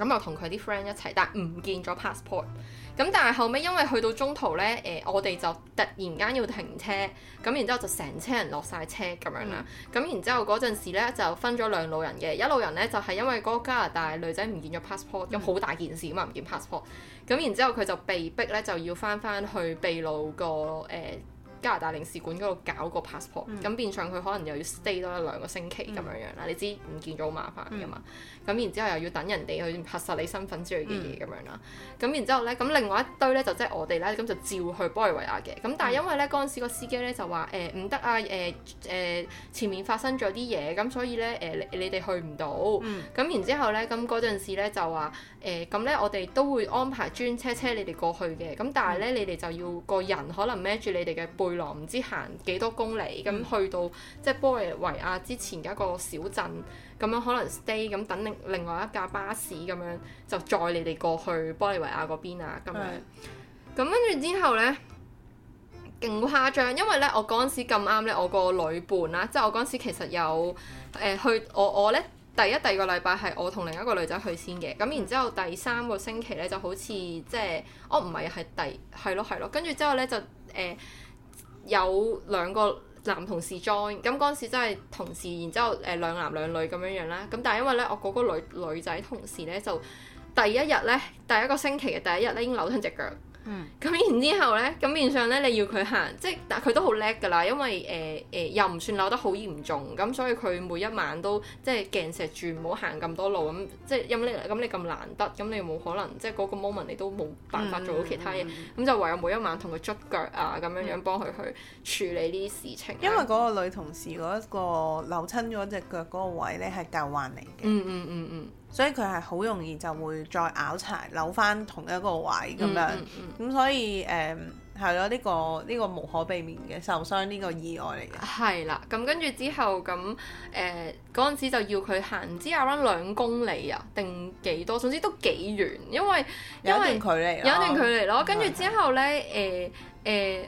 咁又同佢啲 friend 一齊，但係唔見咗 passport。咁但係後尾，因為去到中途呢，誒、呃，我哋就突然間要停車，咁然之後就成車人落晒車咁樣啦。咁、嗯、然之後嗰陣時呢，就分咗兩路人嘅，一路人呢，就係、是、因為嗰個加拿大女仔唔見咗 passport，咁好大件事啊嘛，唔見 passport。咁然之後佢就被逼呢，就要翻翻去秘魯個誒。呃加拿大領事館嗰度搞個 passport，咁、嗯、變相佢可能又要 stay 多一兩個星期咁樣樣啦，你知唔見咗好麻煩噶嘛，咁、嗯、然之後，後又要等人哋去核實你身份之類嘅嘢咁樣啦，咁然之後咧，咁另外一堆咧就即係我哋咧，咁就照去玻利維亞嘅，咁但係因為咧嗰陣時個司機咧就話誒唔得啊，誒、欸、誒、呃、前面發生咗啲嘢，咁所以咧誒、欸、你你哋去唔到，咁、嗯、然之後咧咁嗰陣時咧就話。誒咁咧，呃、我哋都會安排專車車你哋過去嘅。咁但係咧，你哋就要個人可能孭住你哋嘅背囊，唔知行幾多公里咁去到、嗯、即係玻利維亞之前嘅一個小鎮咁樣，可能 stay 咁等另另外一架巴士咁樣就載你哋過去玻利維亞嗰邊啊咁樣。咁跟住之後咧，勁誇張，因為咧我嗰陣時咁啱咧，我，呢我個女伴啦，即係我嗰陣時其實有誒、呃、去我我咧。第一、第二個禮拜係我同另一個女仔去先嘅，咁然之後第三個星期呢就好似即係，哦，唔係係第係咯係咯，跟住之後呢，就、呃、誒有兩個男同事 join，咁嗰陣時真係同事，然之後誒兩、呃、男兩女咁樣樣啦，咁但係因為呢，我嗰個女女仔同事呢，就第一日呢，第一個星期嘅第一日呢，已經扭親隻腳。咁、嗯、然之後咧，咁面上咧你要佢行，即係但佢都好叻㗎啦，因為誒誒、呃呃、又唔算扭得好嚴重，咁所以佢每一晚都即係鏡石住，唔好行咁多路咁，即係因咁你咁難得，咁你冇可能即係嗰、那個 moment 你都冇辦法做到其他嘢，咁、嗯嗯嗯、就唯有每一晚同佢捽腳啊咁樣樣幫佢去處理呢啲事情。因為嗰個女同事嗰、那個扭親嗰隻腳嗰個位咧係舊患嚟嘅。嗯嗯嗯嗯。所以佢係好容易就會再拗柴扭翻同一個位咁樣，咁、嗯嗯嗯、所以誒係咯，呢、嗯個呢、個無可避免嘅受傷呢、個意外嚟嘅。係啦，咁跟住之後咁誒嗰陣時就要佢行，唔知 around 兩公里啊定幾多，總之都幾遠，因為，因為有一段距離，有段距離咯。跟住、哦、之後呢，誒誒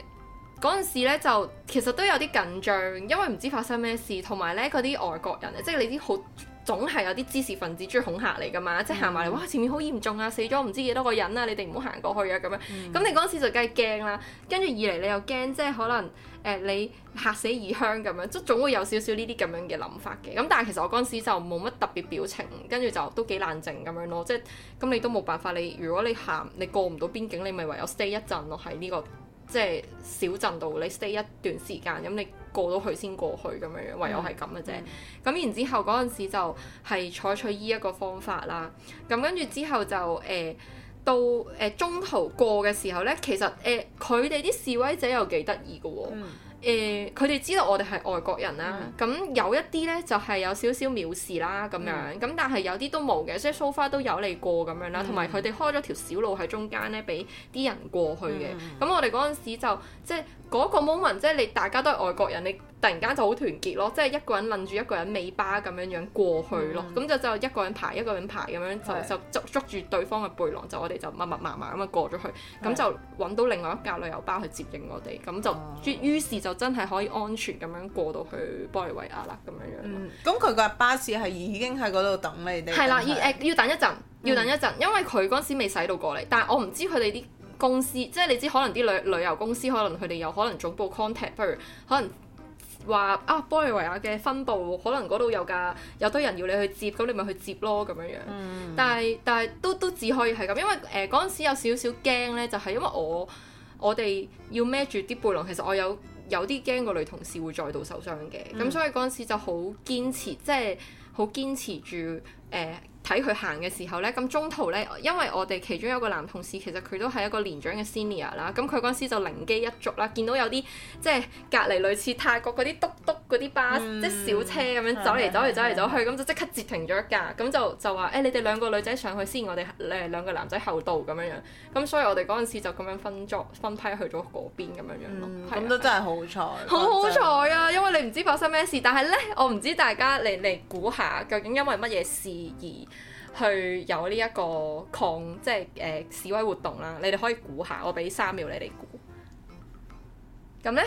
嗰陣時咧就其實都有啲緊張，因為唔知發生咩事，同埋呢，嗰啲外國人，即係你啲好。總係有啲知識分子追恐嚇你㗎嘛，即係行埋嚟，哇，前面好嚴重啊，死咗唔知幾多個人啊，你哋唔好行過去啊咁樣。咁、嗯、你嗰陣時就梗係驚啦，跟住二嚟你又驚，即係可能誒、呃、你嚇死異鄉咁樣，即係總會有少少呢啲咁樣嘅諗法嘅。咁但係其實我嗰陣時就冇乜特別表情，跟住就都幾冷靜咁樣咯，即係咁你都冇辦法，你如果你行你過唔到邊境，你咪唯有 stay 一陣咯喺呢、呢個。即係小鎮度，你 stay 一段時間，咁你過到去先過去咁樣樣，唯有係咁嘅啫。咁、嗯、然之後嗰陣時就係採取呢一個方法啦。咁跟住之後就誒、呃、到誒、呃、中途過嘅時候咧，其實誒佢哋啲示威者又幾得意㗎喎。嗯誒，佢哋、呃、知道我哋係外國人啦，咁、mm hmm. 有一啲呢就係、是、有少少藐視啦咁樣，咁、mm hmm. 但係有啲都冇嘅，即係蘇花都有你過咁樣啦，同埋佢哋開咗條小路喺中間呢俾啲人過去嘅，咁、mm hmm. 我哋嗰陣時就即係。嗰個 moment 即係你大家都係外國人，你突然間就好團結咯，即係一個人攬住一個人尾巴咁樣樣過去咯，咁就、嗯、就一個人排一個人排咁樣是就就捉捉住對方嘅背囊，就我哋就密密麻麻咁樣過咗去，咁是就揾到另外一架旅遊巴去接應我哋，咁就、哦、於是就真係可以安全咁樣過到去玻利維亞啦咁樣樣、嗯。咁佢個巴士係已經喺嗰度等你哋？係啦的，要等一陣，要等一陣，因為佢嗰時未駛到過嚟，但我唔知佢哋啲。公司即係你知，可能啲旅旅遊公司可能佢哋有可能總部 contact，不如可能話啊，玻利維亞嘅分部可能嗰度有㗎有多人要你去接，咁你咪去接咯咁樣樣、嗯。但係但係都都只可以係咁，因為誒嗰陣時有少少驚呢，就係因為我我哋要孭住啲背囊，其實我有有啲驚個女同事會再度受傷嘅。咁、嗯、所以嗰陣時就好堅持，即係好堅持住誒。呃睇佢行嘅時候呢，咁中途呢，因為我哋其中有一個男同事，其實佢都係一個年長嘅 senior 啦，咁佢嗰陣時就靈機一觸啦，見到有啲即係隔離類似泰國嗰啲篤篤嗰啲巴士，嗯、即係小車咁樣走嚟走嚟走嚟走去，咁就即刻截停咗一架，咁就就話誒、欸，你哋兩個女仔上去先，我哋誒、欸、兩個男仔後度咁樣樣，咁所以我哋嗰陣時就咁樣分作分批去咗嗰邊咁樣、嗯、的樣咯，咁都真係好彩，好好彩啊！因為你唔知發生咩事，但係呢，我唔知大家嚟嚟估下究竟因為乜嘢事而。去有呢一個抗即係誒、呃、示威活動啦，你哋可以估下，我俾三秒你哋估。咁呢？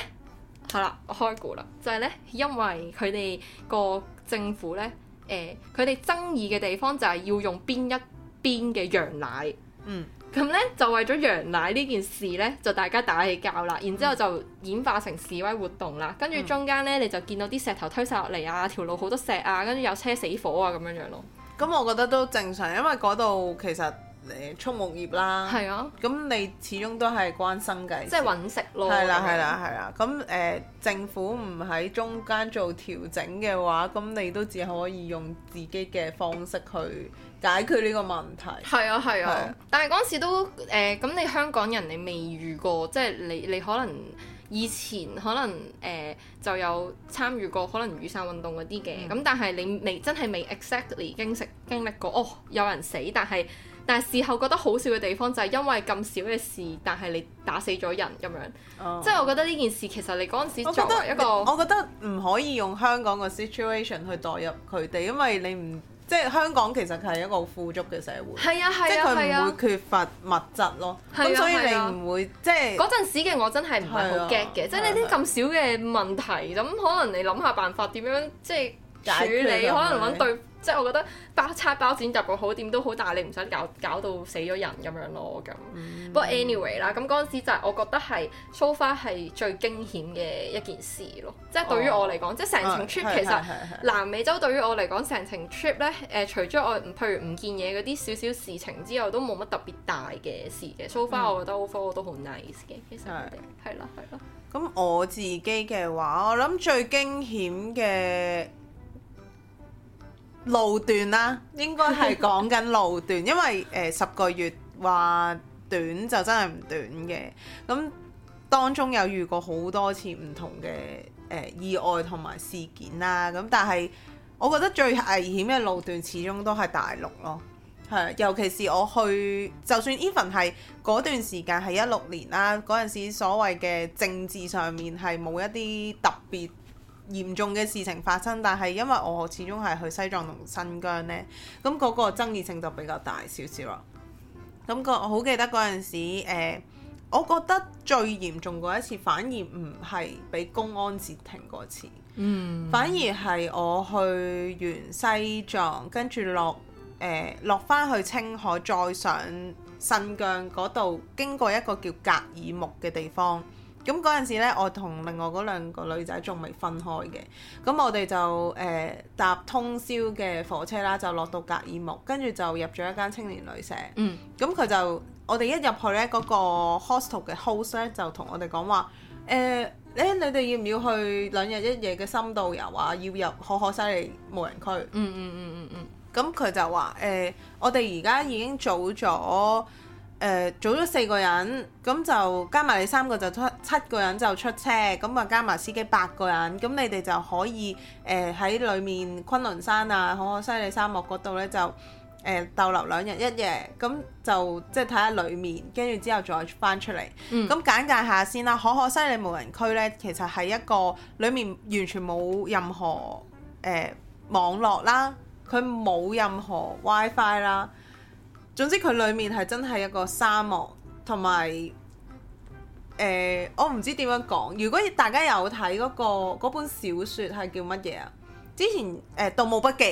好啦了，我開估啦，就係、是、呢，因為佢哋個政府呢，誒、呃，佢哋爭議嘅地方就係要用邊一邊嘅羊奶。嗯，咁呢就為咗羊奶呢件事呢，就大家打起交啦，然之後就演化成示威活動啦，跟住中間呢，你就見到啲石頭推晒落嚟啊，條路好多石啊，跟住有車死火啊咁樣樣咯。咁我覺得都正常，因為嗰度其實誒、呃、畜牧業啦，係啊。咁你始終都係關生計，即係揾食咯。係啦係啦係啦，咁誒、啊啊啊啊呃、政府唔喺中間做調整嘅話，咁你都只可以用自己嘅方式去解決呢個問題。係啊係啊，啊啊啊但係嗰陣時都誒，咁、呃、你香港人你未遇過，即、就、係、是、你你可能。以前可能誒、呃、就有參與過可能雨傘運動嗰啲嘅，咁、嗯、但係你未真係未 exactly 經歷經歷過、嗯、哦、有人死，但係但係事後覺得好笑嘅地方就係因為咁少嘅事，但係你打死咗人咁樣，哦、即係我覺得呢件事其實你嗰陣時作為一個，我覺得唔可以用香港個 situation 去代入佢哋，因為你唔。即係香港其實係一個富足嘅社會，係啊，係啊，係啊。缺乏物質咯。咁、啊啊、所以你唔會即係嗰陣時嘅我真係唔係好 get 嘅，啊啊啊、即係呢啲咁少嘅問題，咁可能你諗下辦法點樣即係處理，可能揾對。即係我覺得包拆包剪揼個好點都好，但係你唔想搞搞到死咗人咁樣咯咁。不過、mm, But anyway 啦，咁嗰陣時就係我覺得係 so far 係最驚險嘅一件事咯。即、就、係、是、對於我嚟講，即係成程 trip、oh, right. 其實南美洲對於我嚟講成程 trip 咧，誒、呃、除咗我譬如唔見嘢嗰啲少少事情之外，都冇乜特別大嘅事嘅。so far 我覺得 overall 都好 nice 嘅。其實係係啦係啦。咁我自己嘅話，我諗最驚險嘅。嗯路段啦、啊，應該係講緊路段， 因為誒、呃、十個月話短就真係唔短嘅。咁當中有遇過好多次唔同嘅誒、呃、意外同埋事件啦、啊。咁但係我覺得最危險嘅路段始終都係大陸咯，係啊，尤其是我去就算 even 係嗰段時間係一六年啦、啊，嗰陣時所謂嘅政治上面係冇一啲特別嚴重嘅事情發生，但係因為我始終係去西藏同新疆呢，咁嗰個爭議性就比較大少少啦。咁、嗰個我好記得嗰陣時、呃，我覺得最嚴重嗰一次，反而唔係俾公安截停嗰次，嗯，反而係我去完西藏，跟住落誒、呃、落翻去青海，再上新疆嗰度，經過一個叫格爾木嘅地方。咁嗰陣時咧，我同另外嗰兩個女仔仲未分開嘅，咁我哋就誒、呃、搭通宵嘅火車啦，就落到格爾木，跟住就入咗一間青年旅社。嗯。咁佢就我哋一入去咧，嗰、嗰個 hostel 嘅 host 咧就同我哋講話，誒、呃，咧你哋要唔要去兩日一夜嘅深度遊啊？要入可可西里無人區。嗯嗯嗯嗯嗯。咁、嗯、佢、嗯嗯嗯、就話誒、呃，我哋而家已經做咗。誒、呃，組咗四個人，咁就加埋你三個就七七個人就出車，咁啊加埋司機八個人，咁你哋就可以誒喺裏面昆崙山啊、可可西里沙漠嗰度呢，就、呃、誒逗留兩日一夜，咁就即係睇下裏面，跟住之後再翻出嚟。咁、嗯、簡介下先啦，可可西里無人區呢，其實係一個裏面完全冇任何誒、呃、網絡啦，佢冇任何 WiFi 啦。總之佢裡面係真係一個沙漠，同埋誒我唔知點樣講。如果大家有睇嗰、嗰個嗰本小説係叫乜嘢啊？之前誒《盜墓筆記》，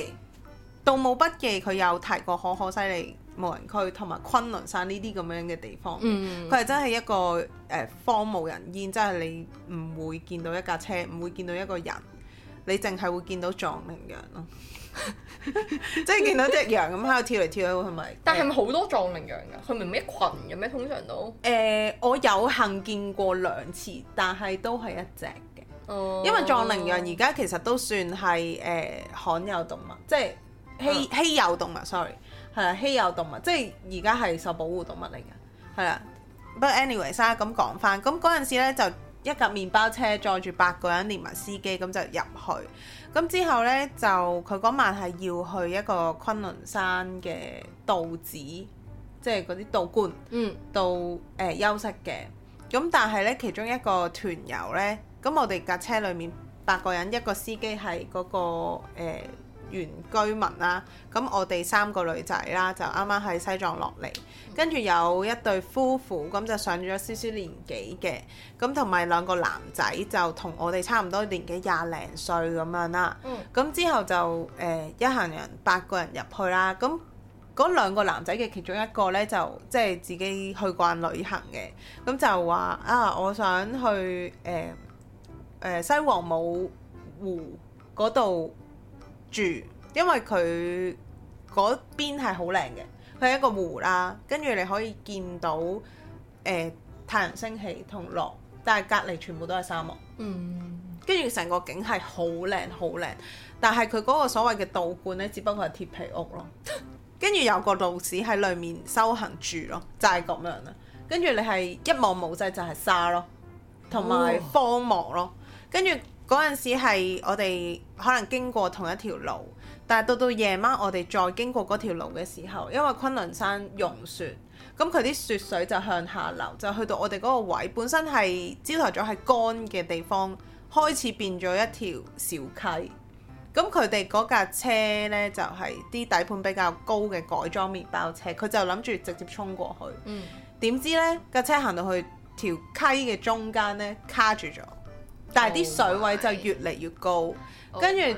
《盜墓筆記》佢有提過可可西里、無人區同埋昆崙山呢啲咁樣嘅地方。佢係、嗯、真係一個誒荒、呃、無人煙，真係你唔會見到一架車，唔會見到一個人，你淨係會見到藏羚羊咯。 即係見到隻羊咁喺度跳嚟跳去，係咪？ 嗯、但係咪好多藏羚羊噶？佢唔係一群嘅咩？通常都誒、呃，我有幸見過兩次，但係都係一隻嘅。哦，因為藏羚羊而家其實都算係誒、呃、罕有動物，即係稀稀有動物。嗯、Sorry，係啦，稀有動物，即係而家係受保護動物嚟嘅。係啦、嗯，不過 anyways 啊，咁講翻，咁嗰陣時咧就一架麵包車載住八個人連，連埋司機咁就入去。咁之後呢，就佢嗰晚係要去一個昆崙山嘅道寺，即係嗰啲道觀，嗯，到誒、呃、休息嘅。咁但係呢，其中一個團友呢，咁我哋架車裏面八個人，一個司機係嗰、嗰個、呃、原居民啦、啊。咁我哋三個女仔啦，就啱啱喺西藏落嚟。跟住有一對夫婦，咁就上咗少少年紀嘅，咁同埋兩個男仔就同我哋差唔多年紀，廿零歲咁樣啦。咁、嗯、之後就誒、呃、一行人八個人入去啦。咁嗰兩個男仔嘅其中一個呢，就即係自己去慣旅行嘅，咁就話啊，我想去誒誒、呃呃、西王母湖嗰度住，因為佢嗰邊係好靚嘅。佢係一個湖啦，跟住你可以見到誒、呃、太陽升起同落，但係隔離全部都係沙漠。嗯，跟住成個景係好靚好靚，但係佢嗰個所謂嘅道觀咧，只不過係鐵皮屋咯。跟 住有個道士喺裏面修行住咯，就係、是、咁樣啦。跟住你係一望無際就係沙咯，同埋荒漠咯。跟住嗰陣時係我哋可能經過同一條路。但係到到夜晚，我哋再經過嗰條路嘅時候，因為昆侖山融雪，咁佢啲雪水就向下流，就去到我哋嗰個位，本身係朝頭早係乾嘅地方，開始變咗一條小溪。咁佢哋嗰架車咧就係、是、啲底盤比較高嘅改裝麵包車，佢就諗住直接衝過去。嗯。點知咧架車行到去條溪嘅中間咧卡住咗，但係啲水位就越嚟越高，跟住。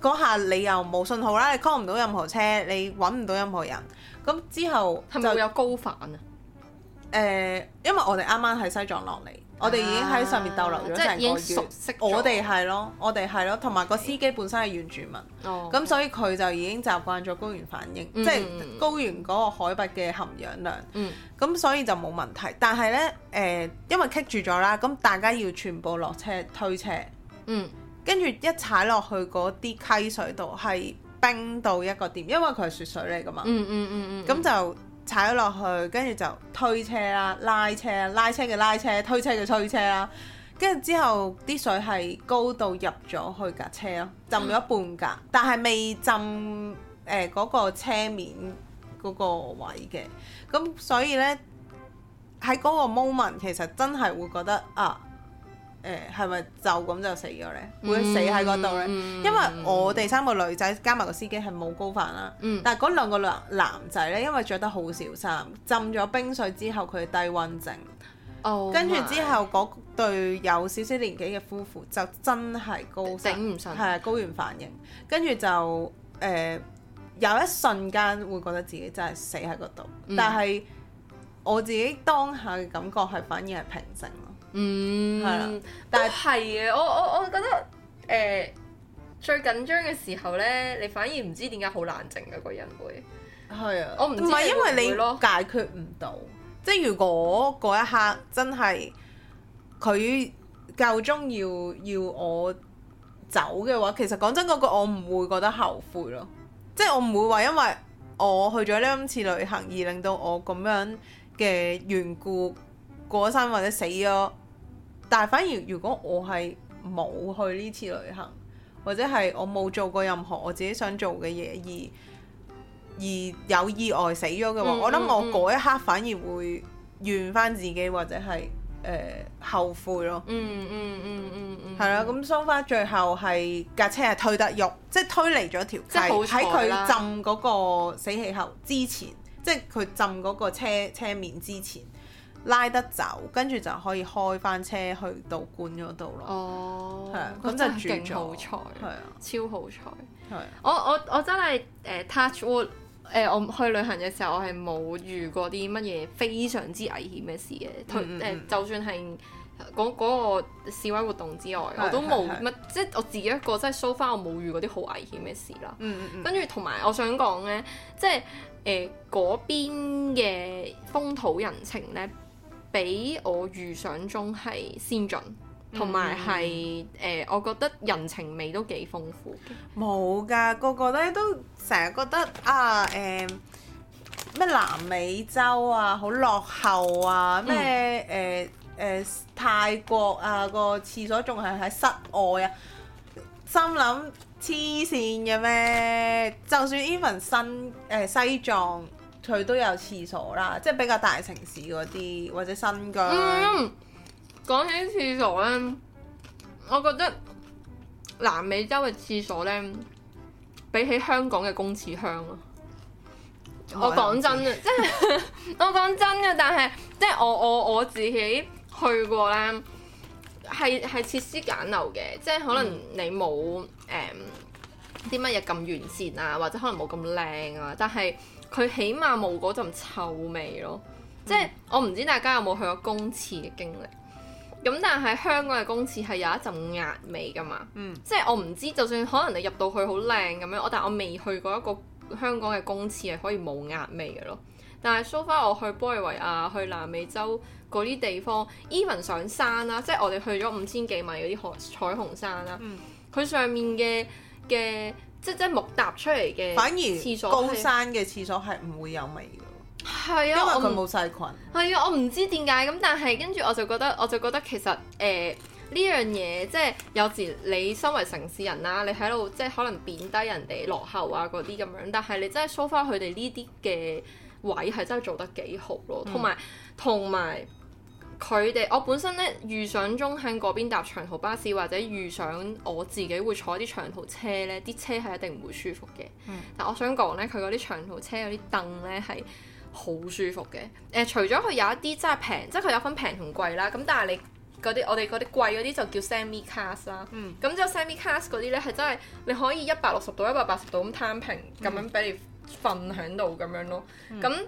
嗰下你又冇信號啦，你 call 唔到任何車，你揾唔到任何人。咁之後就係咪有高反啊？誒、呃，因為我哋啱啱喺西藏落嚟，啊、我哋已經喺上面逗留咗成個月，即係已經熟悉。我哋係咯，我哋係咯，同埋個司機本身係原住民，咁 Okay. 所以佢就已經習慣咗高原反應，嗯、即係高原嗰個海拔嘅含氧量。嗯，咁所以就冇問題。但係呢，誒、呃，因為棘住咗啦，咁大家要全部落車推車。嗯。跟住一踩落去嗰啲溪水度，係冰到一個點，因為佢係雪水嚟噶嘛。嗯嗯嗯嗯。咁、嗯嗯嗯、就踩落去，跟住就推車啦、拉車啦、拉車嘅拉車、推車嘅推車啦。跟住之後啲水係高到入咗去架車咯，浸咗一半架，嗯、但係未浸誒嗰、呃嗰個車面嗰個位嘅。咁所以呢，喺嗰個 moment 其實真係會覺得啊～誒係咪就咁就死咗呢？嗯、會死喺嗰度呢？因為我哋三個女仔加埋個司機係冇高反啦。但係嗰兩個男仔呢，因為着得好少衫，浸咗冰水之後佢低溫症。Oh、my. 跟住之後嗰對有少少年紀嘅夫婦就真係高，頂唔順，係高原反應。跟住就誒、呃、有一瞬間會覺得自己真係死喺嗰度，嗯、但係我自己當下嘅感覺係反而係平靜。嗯，係啦的，但係係嘅，我我我覺得誒、呃、最緊張嘅時候呢，你反而唔知點解好冷靜嘅個人會係啊，的我唔唔係因為你解決唔到，即係如果嗰一刻真係佢夠鐘要要我走嘅話，其實講真嗰句，我唔會覺得後悔咯，即係我唔會話因為我去咗呢次旅行而令到我咁樣嘅緣故過身或者死咗。但係反而，如果我係冇去呢次旅行，或者係我冇做過任何我自己想做嘅嘢，而而有意外死咗嘅話，我諗我嗰一刻反而會怨翻自己，或者係誒後悔咯。嗯嗯嗯嗯嗯，係啦。咁蘇花最後係架車係推得喐，即係推離咗條街，喺佢浸嗰個死氣喉之前，即係佢浸嗰個車車面之前。拉得走，跟住就可以開翻車去道觀嗰度咯。哦，係啊，咁就勁好彩，係啊，超好彩。係 Yeah.，我我我真係誒、呃、touch wood、呃。誒，我去旅行嘅時候，我係冇遇過啲乜嘢非常之危險嘅事嘅。同、mm hmm. 就算係講嗰個示威活動之外，Yeah. 我都冇乜，mm hmm. 即係我自己一個真係 show 翻我冇遇過啲好危險嘅事啦。Mm hmm. 嗯嗯，跟住同埋我想講咧，即係誒嗰邊嘅風土人情咧。嗯比我預想中係先進，同埋係誒，我覺得人情味都幾豐富。冇噶，個個咧都成日覺得啊誒咩、呃、南美洲啊好落後啊，咩誒誒泰國啊個廁所仲係喺室外啊，心諗黐線嘅咩？就算 even 新誒、呃、西藏。佢都有廁所啦，即係比較大城市嗰啲或者新疆。嗯、講起廁所呢，我覺得南美洲嘅廁所呢，比起香港嘅公廁香啊！我講真啊，即係我講真啊，但係即係我我我自己去過呢，係係設施簡陋嘅，嗯、即係可能你冇誒啲乜嘢咁完善啊，或者可能冇咁靚啊，但係。佢起碼冇嗰陣臭味咯，即係、嗯、我唔知大家有冇去過公廁嘅經歷。咁但係香港嘅公廁係有一陣壓味噶嘛，嗯、即係我唔知，就算可能你入到去好靚咁樣，我但我未去過一個香港嘅公廁係可以冇壓味嘅咯。但係 so far 我去玻利維亞、去南美洲嗰啲地方，even 上山啦、啊，即係我哋去咗五千幾米嗰啲紅彩虹山啦、啊，佢、嗯、上面嘅嘅。即即木搭出嚟嘅，反而高山嘅廁所係唔會有味嘅。係啊，因為佢冇細菌。係啊，我唔知點解咁，但係跟住我就覺得，我就覺得其實誒呢、呃、樣嘢，即有時你身為城市人啦、啊，你喺度即可能貶低人哋落後啊嗰啲咁樣，但係你真係 show 翻佢哋呢啲嘅位係真係做得幾好咯，同埋同埋。佢哋，我本身咧預想中喺嗰邊搭長途巴士，或者預想我自己會坐啲長途車咧，啲車係一定唔會舒服嘅。嗯、但我想講咧，佢嗰啲長途車嗰啲凳咧係好舒服嘅。誒、呃，除咗佢有一啲真係平，即係佢有分平同貴啦。咁但係你嗰啲，我哋嗰啲貴嗰啲就叫 semi class 啦、嗯。咁之後 semi class 嗰啲咧係真係你可以一百六十度一百八十度咁攤平，咁、嗯、樣俾你瞓喺度咁樣咯。咁、嗯嗯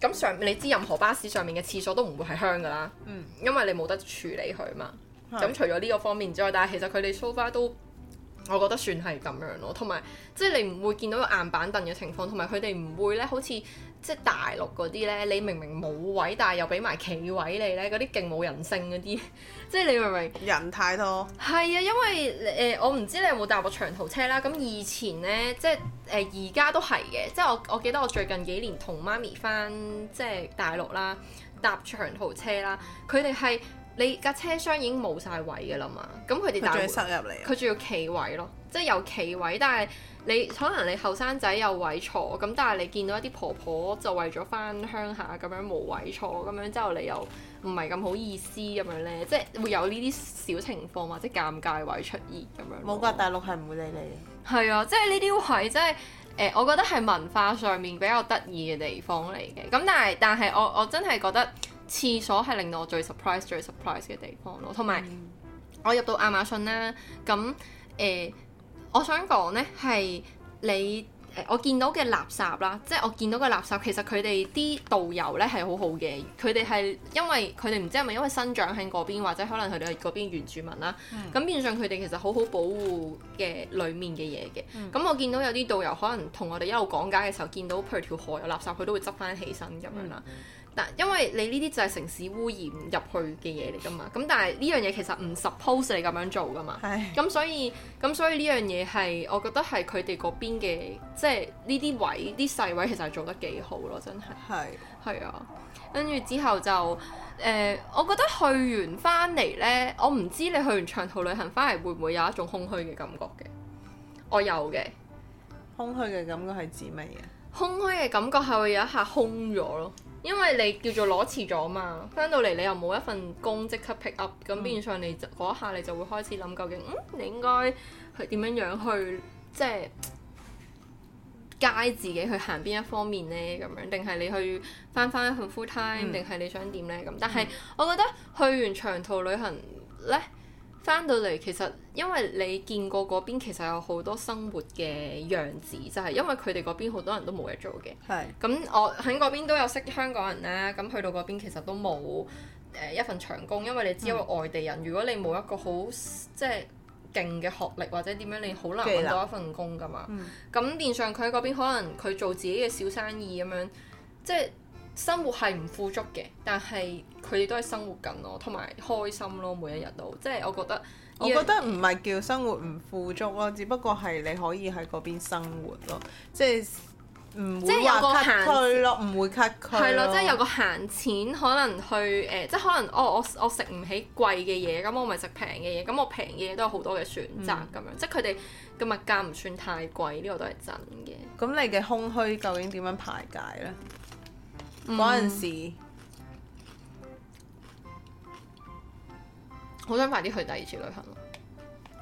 咁上你知任何巴士上面嘅廁所都唔會係香㗎啦，嗯、因為你冇得處理佢嘛。咁是除咗呢個方面之外，但係其實佢哋 sofa 都，我覺得算係咁樣咯。同埋即係你唔會見到有硬板凳嘅情況，同埋佢哋唔會咧好似。即係大陸嗰啲咧，你明明冇位，但係又俾埋企位你咧，嗰啲勁冇人性嗰啲，即係你明唔明？人太多。係啊，因為誒、呃、我唔知你有冇搭過長途車啦。咁以前咧，即係誒而家都係嘅。即係我我記得我最近幾年同媽咪返即係大陸啦，搭長途車啦，佢哋係你架車廂已經冇晒位㗎啦嘛。咁佢哋搭佢塞入嚟，佢仲要企位咯，即係有企位，但係。你可能你後生仔有位坐，咁但係你見到一啲婆婆就為咗翻鄉下咁樣冇位坐，咁樣之後你又唔係咁好意思咁樣呢，即係會有呢啲小情況或者尷尬位出現咁樣。冇噶，大陸係唔會理你。係啊，即係呢啲位，即係誒，我覺得係文化上面比較得意嘅地方嚟嘅。咁但係但係我我真係覺得廁所係令到我最 surprise 最 surprise 嘅地方咯。同埋、嗯、我入到亞馬遜啦，咁誒。呃我想講呢係你誒、呃，我見到嘅垃圾啦，即係我見到嘅垃圾，其實佢哋啲導遊呢係好好嘅，佢哋係因為佢哋唔知係咪因為生長喺嗰邊，或者可能佢哋係嗰邊原住民啦，咁、嗯、變相佢哋其實好好保護嘅裡面嘅嘢嘅。咁、嗯、我見到有啲導遊可能同我哋一路講解嘅時候，見到譬如條河有垃圾，佢都會執翻起身咁樣啦。嗯嗯但因為你呢啲就係城市污染入去嘅嘢嚟㗎嘛，咁但係呢樣嘢其實唔 suppose 你咁樣做㗎嘛，咁唉所以咁所以呢樣嘢係我覺得係佢哋嗰邊嘅，即係呢啲位啲細位其實係做得幾好咯，真係。係係是啊，跟住之後就誒、呃，我覺得去完翻嚟呢，我唔知你去完長途旅行翻嚟會唔會有一種空虛嘅感覺嘅。我有嘅。空虛嘅感覺係指乜嘢？空虛嘅感覺係會有一下空咗咯。因為你叫做攞遲咗嘛，翻到嚟你又冇一份工即刻 pick up，咁變相你就嗰下你就會開始諗究竟，嗯，你應該去點樣樣去即係齋自己去行邊一方面呢？咁樣，定係你去翻翻 full time，定係、嗯、你想點呢？咁？但係我覺得去完長途旅行呢。翻到嚟，其實因為你見過嗰邊，其實有好多生活嘅樣子，就係、是、因為佢哋嗰邊好多人都冇嘢做嘅。係是，咁我喺嗰邊都有識香港人咧。咁去到嗰邊其實都冇誒、呃、一份長工，因為你知，作為外地人，嗯、如果你冇一個好即係勁嘅學歷或者點樣，你好難揾到一份工噶嘛。咁變、嗯、相，佢嗰邊，可能佢做自己嘅小生意咁樣，即係。生活係唔富足嘅，但係佢哋都係生活緊咯，同埋開心咯，每一日都即係我覺得。我覺得唔係叫生活唔富足咯，呃、只不過係你可以喺嗰邊生活咯，即係唔會話拮據咯，唔會拮據。係咯，會咯即係有個閒錢，可能去誒、呃，即係可能哦，我我食唔起貴嘅嘢，咁我咪食平嘅嘢，咁我平嘅嘢都有好多嘅選擇咁、嗯、樣，即係佢哋嘅物價唔算太貴，呢、呢個都係真嘅。咁你嘅空虛究竟點樣排解呢？嗰陣時，好、嗯、想快啲去第二次旅行咯。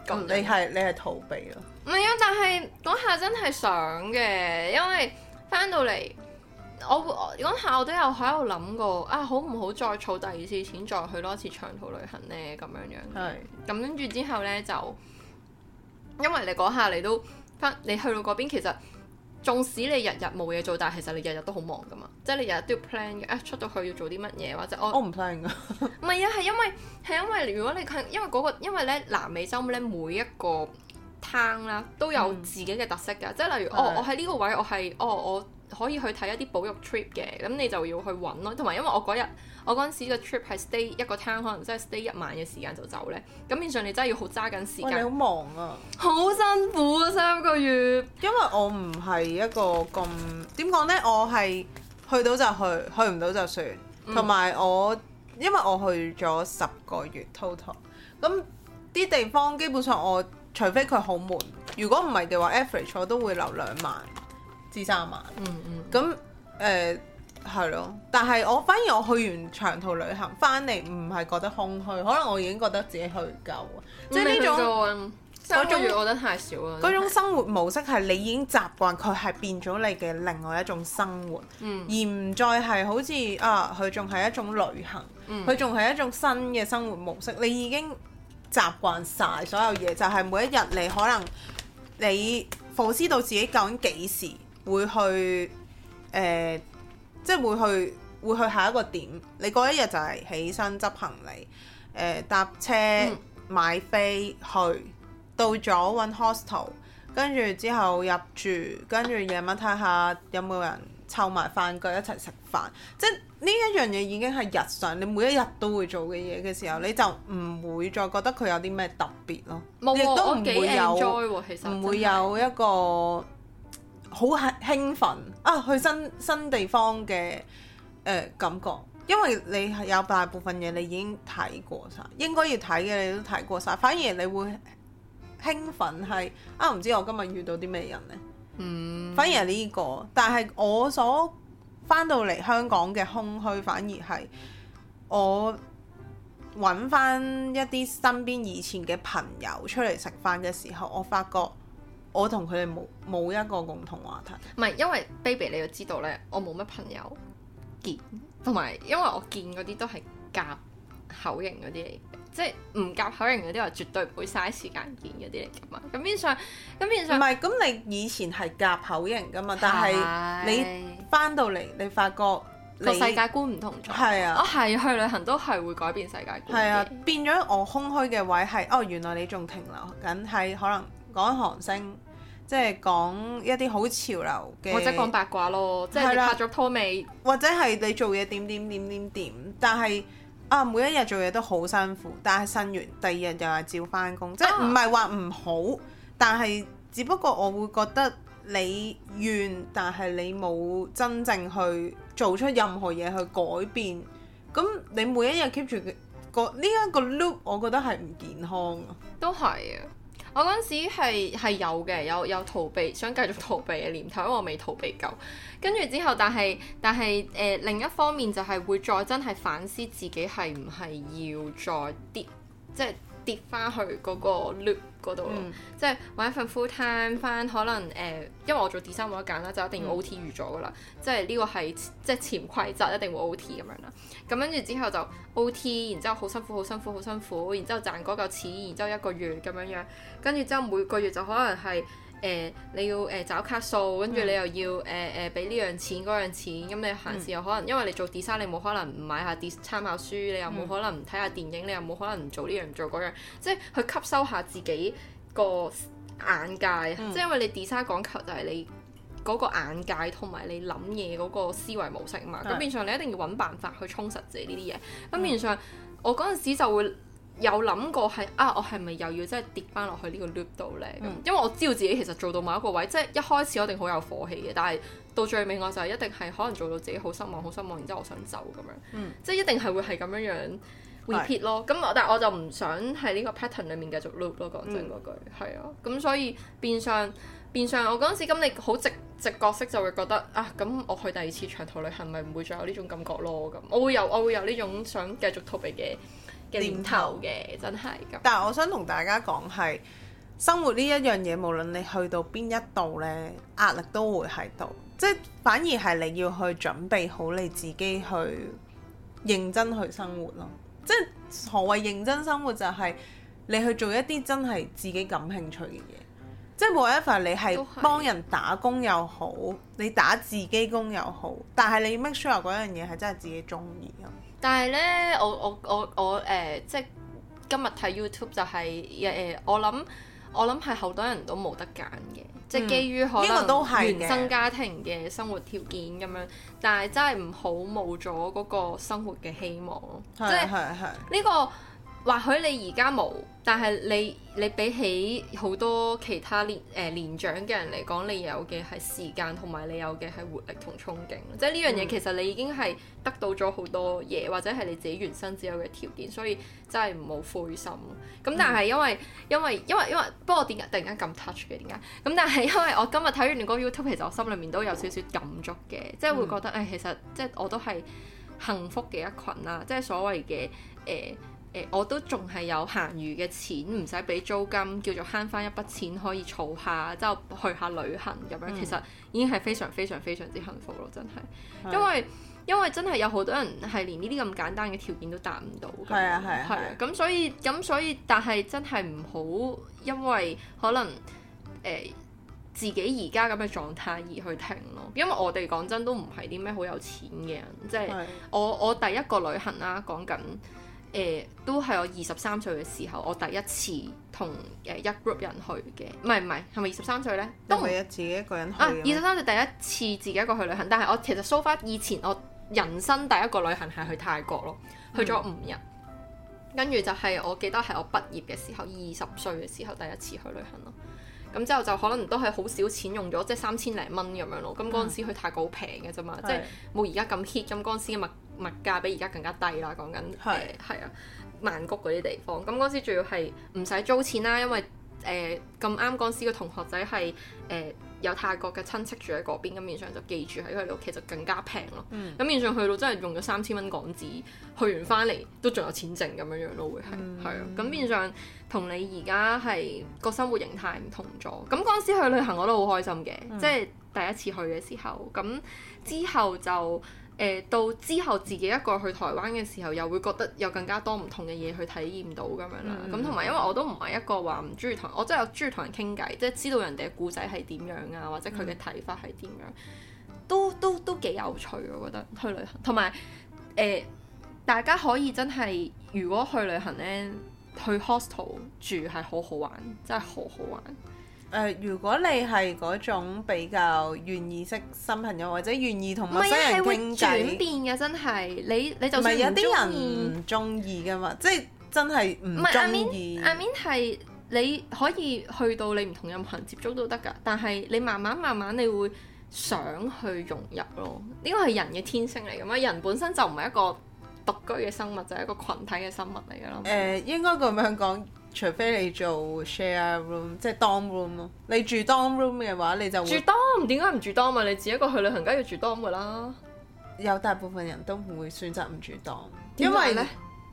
咁你係你係逃避咯？唔係啊，但係嗰下真係想嘅，因為返到嚟，我我嗰下我都有喺度諗過啊，好唔好再儲第二次錢再去多次長途旅行呢？咁樣樣。係是。咁跟住之後呢，就，因為你嗰下你都返，你去到嗰邊其實。縱使你日日冇嘢做，但係其實你日日都好忙㗎嘛，即係你日日都要 plan 嘅，誒、啊、出到去要做啲乜嘢，或者我我唔 plan 㗎，唔係啊，係因為係因為如果你係因為嗰、嗰個，因為咧南美洲咧每一個攤啦都有自己嘅特色嘅，嗯、即係例如的哦，我喺呢個位，我係哦我。可以去睇一啲保育 trip 嘅，咁你就要去揾咯。同埋因為我嗰日我嗰陣時個 trip 係 stay 一個 town，可能即係 stay 一晚嘅時間就走呢。咁變相你真係要好揸緊時間。你好忙啊，好辛苦啊三個月。因為我唔係一個咁點講呢？我係去到就去，去唔到就算。同埋、嗯、我因為我去咗十個月 total，咁啲地方基本上我除非佢好悶，如果唔係嘅話 average 我都會留兩晚。三萬，嗯嗯，咁、嗯、誒，係咯、呃。但係我反而我去完長途旅行翻嚟，唔係覺得空虛，可能我已經覺得自己去夠，即係呢種，嗰、啊、種，我覺得太少啊。嗰種生活模式係你已經習慣佢係變咗你嘅另外一種生活，嗯、而唔再係好似啊，佢仲係一種旅行，佢仲係一種新嘅生活模式。你已經習慣晒所有嘢，就係、是、每一日你可能你反思到自己究竟幾時。會去誒、呃，即係會去會去下一個點。你過一日就係起身執行李，搭、呃、車、嗯、買飛去，到咗揾 hostel，跟住之後入住，跟住夜晚睇下有冇人湊埋飯局一齊食飯。即係呢一樣嘢已經係日常，你每一日都會做嘅嘢嘅時候，你就唔會再覺得佢有啲咩特別咯。亦、哦、都唔會有，唔會有一個。好興奮啊！去新新地方嘅誒、呃、感覺，因為你係有大部分嘢你已經睇過晒，應該要睇嘅你都睇過晒。反而你會興奮係啊！唔知我今日遇到啲咩人呢？嗯，反而係呢、呢個，但係我所翻到嚟香港嘅空虛，反而係我揾翻一啲身邊以前嘅朋友出嚟食飯嘅時候，我發覺。我同佢哋冇冇一個共同話題。唔係，因為 baby，你要知道咧，我冇乜朋友見，同埋因為我見嗰啲都係夾口型嗰啲嚟嘅，即係唔夾口型嗰啲話絕對唔會嘥時間見嗰啲嚟㗎嘛。咁變相，咁變相唔係咁。你以前係夾口型㗎嘛？是但係你翻到嚟，你發覺個世界觀唔同咗。係啊，我係去旅行都係會改變世界觀。係啊，變咗我空虛嘅位係哦，原來你仲停留緊喺可能講韓星。即係講一啲好潮流嘅，或者講八卦咯，即係拍咗拖未啦？或者係你做嘢點點點點點？但係啊，每一日做嘢都好辛苦，但係呻完第二日又係照翻工，啊、即係唔係話唔好？但係只不過我會覺得你怨，但係你冇真正去做出任何嘢去改變。咁你每一日 keep 住個呢一個 loop，我覺得係唔健康啊，都係啊。我嗰陣時係係有嘅，有有逃避，想繼續逃避嘅念頭，因為我未逃避夠。跟住之後，但係但係誒、呃、另一方面就係會再真係反思自己係唔係要再啲即係。就是跌翻去嗰個 loop 嗰度咯，嗯、即係搵一份 full time 翻，可能誒、呃，因為我做 design 冇得揀啦，就一定要 OT 預咗噶啦，即係呢個係即係潛規則，一定會 OT 咁樣啦。咁跟住之後就 OT，然之後好辛苦，好辛苦，好辛苦，然之後賺嗰嚿錢，然之後一個月咁樣樣，跟住之後每個月就可能係。誒、呃，你要誒、呃、找卡數，跟住你又要誒誒俾呢樣錢嗰樣錢，咁、嗯、你閒時又可能因為你做 design，你冇可能唔買下 design 參考書，你又冇可能唔睇下電影，你又冇可能唔做呢樣做嗰樣，即係去吸收下自己眼、嗯、個眼界，即係因為你 design 講求就係你嗰個眼界同埋你諗嘢嗰個思維模式嘛，咁變相你一定要揾辦法去充實自己呢啲嘢，咁變相我嗰陣時就會。有諗過係啊，我係咪又要真係跌翻落去呢個 loop 度呢？嗯、因為我知道自己其實做到某一個位，即係一開始我一定好有火氣嘅，但係到最尾我就一定係可能做到自己好失望、好失望，然之後我想走咁樣，嗯、即係一定係會係咁樣樣 repeat 咯。咁是但係我，我就唔想喺呢個 pattern 裡面繼續 loop 咯。講真嗰句係、嗯、啊，咁所以變相變相我嗰陣時咁你好直直角色就會覺得啊，咁我去第二次長途旅行咪唔會再有呢種感覺咯咁。我會有我會有呢種想繼續逃避嘅念頭嘅真係，但係我想同大家講係生活呢一樣嘢，無論你去到邊一度咧，壓力都會喺度，即反而係你要去準備好你自己去認真去生活咯。即係何謂認真生活就係、是、你去做一啲真係自己感興趣嘅嘢，即係 whatever 你係幫人打工又好，是你打自己工又好，但係你 make sure 嗰樣嘢係真係自己中意。但係咧，我我我我誒、呃，即係今日睇 YouTube 就係、是、誒、呃，我諗我諗係好多人都冇得揀嘅，嗯、即係基於可能都係原生家庭嘅生活條件咁樣，嗯這個、但係真係唔好冇咗嗰個生活嘅希望咯，啊、即係是呢、啊啊啊呢個。或許你而家冇，但係你你比起好多其他年誒年長嘅人嚟講，你有嘅係時間，同埋你有嘅係活力同憧憬。嗯、即係呢樣嘢，其實你已經係得到咗好多嘢，或者係你自己原生自有嘅條件。所以真係唔好灰心。咁但係因為因為因為因為，不過點解突然間咁 touch 嘅點解？咁但係因為我今日睇完嗰個 YouTube，其實我心裏面都有少少感觸嘅，即係會覺得誒、嗯哎，其實即係我都係幸福嘅一群啦，即係所謂嘅誒。呃誒、欸，我都仲係有閒餘嘅錢，唔使俾租金，叫做慳翻一筆錢可以儲下，之後去下旅行咁樣。嗯、其實已經係非常非常非常之幸福咯，真係是的。因為因為真係有好多人係連呢啲咁簡單嘅條件都達唔到，係啊係啊。係咁，所以咁所以，但係真係唔好因為可能誒、呃、自己而家咁嘅狀態而去停咯。因為我哋講真都唔係啲咩好有錢嘅，人，即係是的 我我第一個旅行啦、啊，講緊。誒、欸、都係我二十三歲嘅時候，我第一次同誒、欸、一 group 人去嘅，唔係唔係，係咪二十三歲呢？都係自己一個人去。啊，二十三歲第一次自己一個去旅行，但係我其實 so far 以前我人生第一個旅行係去泰國咯，去咗五日，跟住、嗯、就係我記得係我畢業嘅時候，二十歲嘅時候第一次去旅行咯。咁之後就可能都係好少錢用咗，即係三千零蚊咁樣咯。咁嗰陣時去泰國好平嘅啫嘛，的即係冇而家咁 hit。咁嗰陣時嘅物物價比而家更加低啦。講緊係係啊，曼谷嗰啲地方。咁嗰陣時仲要係唔使租錢啦，因為。誒咁啱嗰時嘅同學仔係誒、呃、有泰國嘅親戚住喺嗰邊咁，面上就記住喺佢哋屋企就更加平咯。咁、嗯、面上去到真係用咗三千蚊港紙去完翻嚟都仲有錢剩咁樣樣咯，會係係啊。咁、嗯、面上同你而家係個生活形態唔同咗。咁嗰陣時去旅行我都好開心嘅，嗯、即係第一次去嘅時候。咁之後就。誒到之後自己一個去台灣嘅時候，又會覺得有更加多唔同嘅嘢去體驗到咁樣啦。咁同埋因為我都唔係一個話唔中意同，我真係我中意同人傾偈，即係知道人哋嘅故仔係點樣啊，或者佢嘅睇法係點樣，嗯、都都都幾有趣。我覺得去旅行，同埋誒大家可以真係如果去旅行呢，去 hostel 住係好好玩，真係好好玩。誒、呃，如果你係嗰種比較願意識新朋友，或者願意同陌生人傾偈，轉變嘅真係你，你就算唔係有啲人唔中意嘅嘛，即係真係唔中意。I mean，I mean 係你可以去到你唔同任何人接觸都得㗎，但係你慢慢慢慢你會想去融入咯。呢個係人嘅天性嚟㗎嘛，人本身就唔係一個獨居嘅生物，就係、是、一個群體嘅生物嚟㗎啦。誒、呃，應該咁樣講。除非你做 share room，即係 dorm room 咯。你住 dorm room 嘅話，你就住 dorm。點解唔住 dorm 啊？你自己一個去旅行，梗要住 dorm 噶啦。有大部分人都唔會選擇唔住 dorm，因為咧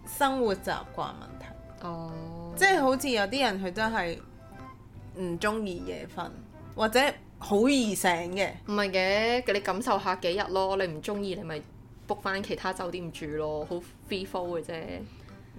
生活習慣問題。哦，即係好似有啲人佢真係唔中意夜瞓，或者好易醒嘅。唔係嘅，你感受下幾日咯。你唔中意，你咪 book 翻其他酒店住咯。好 free fall 嘅啫。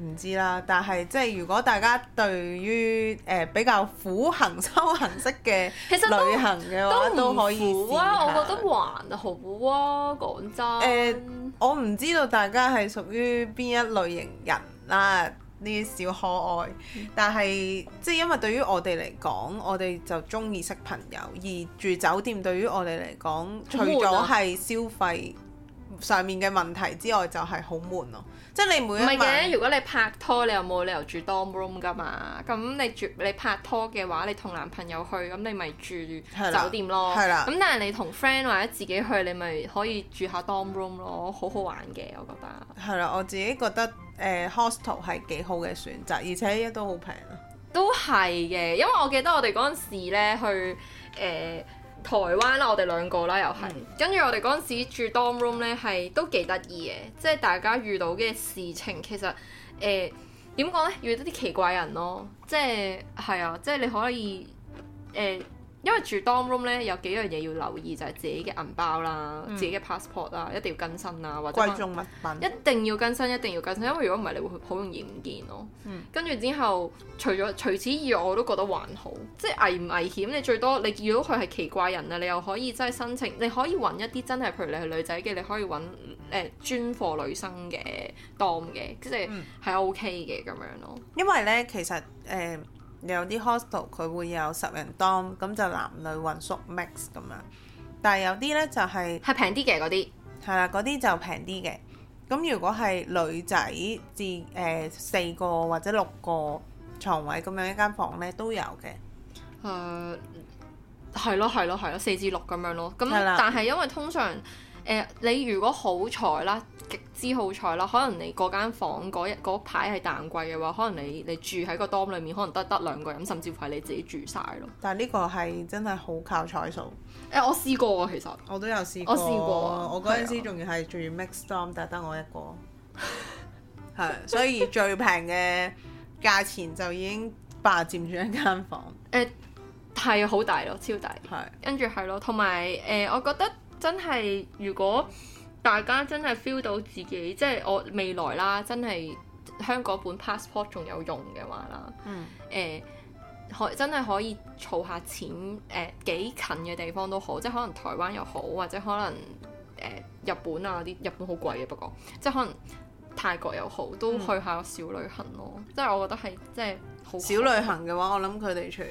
唔知啦，但係即係如果大家對於誒、呃、比較苦行修行式嘅旅行嘅話都、啊、都可以試下。都唔苦啊，我覺得還好啊，廣州。誒、呃，我唔知道大家係屬於邊一類型人啦，呢、啊、啲小可愛。但係、嗯、即係因為對於我哋嚟講，我哋就中意識朋友，而住酒店對於我哋嚟講，除咗係消費上面嘅問題之外就、啊，就係好悶咯。即係你每，唔係嘅。如果你拍拖，你又冇理由住 dorm room 噶嘛。咁你住你拍拖嘅話，你同男朋友去，咁你咪住酒店咯。係啦。咁但係你同 friend 或者自己去，你咪可以住下 dorm room 咯，好好玩嘅，我覺得。係啦，我自己覺得誒、呃、hostel 係幾好嘅選擇，而且都好平啊。都係嘅，因為我記得我哋嗰陣時咧去誒。呃台灣啦，我哋兩個啦，又係、嗯、跟住我哋嗰陣時住 dorm room 呢，係都幾得意嘅，即係大家遇到嘅事情其實誒點講呢？遇到啲奇怪人咯，即係係啊，即係你可以誒。呃因為住 dorm room 咧，有幾樣嘢要留意，就係、是、自己嘅銀包啦、嗯、自己嘅 passport 啦，一定要更新啦，或者貴重物品一定要更新，一定要更新，因為如果唔係，你會好容易唔見咯。跟住、嗯、之後，除咗除此以外，我都覺得還好，即係危唔危險？你最多你見到佢係奇怪人啊，你又可以真係申請，你可以揾一啲真係，譬如你係女仔嘅，你可以揾誒、呃、專貨女生嘅 dorm 嘅，即係係、嗯、OK 嘅咁樣咯。因為呢，其實誒。呃有啲 hostel 佢會有十人 dorm，咁就男女混宿 mix 咁樣。但係有啲呢就係係平啲嘅嗰啲，係啦，嗰啲就平啲嘅。咁如果係女仔至誒四個或者六個床位咁樣一間房呢都有嘅。誒，係咯，係咯，係咯，四至六咁樣咯。咁的但係因為通常誒、呃、你如果好彩啦。極之好彩啦！可能你嗰間房嗰一嗰排係淡季嘅話，可能你你住喺個 dorm 裏面，可能得得兩個人，甚至乎係你自己住晒咯。但係呢個係真係好靠彩數。誒、欸，我試過啊，其實我都有試過。我試過，我嗰陣時仲要係住 mixed dorm，但係得我一個。係， 所以最平嘅價錢就已經霸佔住一間房。誒、欸，係好大咯，超大。係是。跟住係咯，同埋誒，我覺得真係如果。大家真係 feel 到自己，即係我未來啦，真係香港本 passport 仲有用嘅話啦，誒、嗯呃、可真係可以儲下錢，誒、呃、幾近嘅地方都好，即係可能台灣又好，或者可能誒、呃、日本啊啲日本好貴嘅，不過即係可能泰國又好，都去下個小旅行咯。嗯、即係我覺得係即係好小旅行嘅話，我諗佢哋全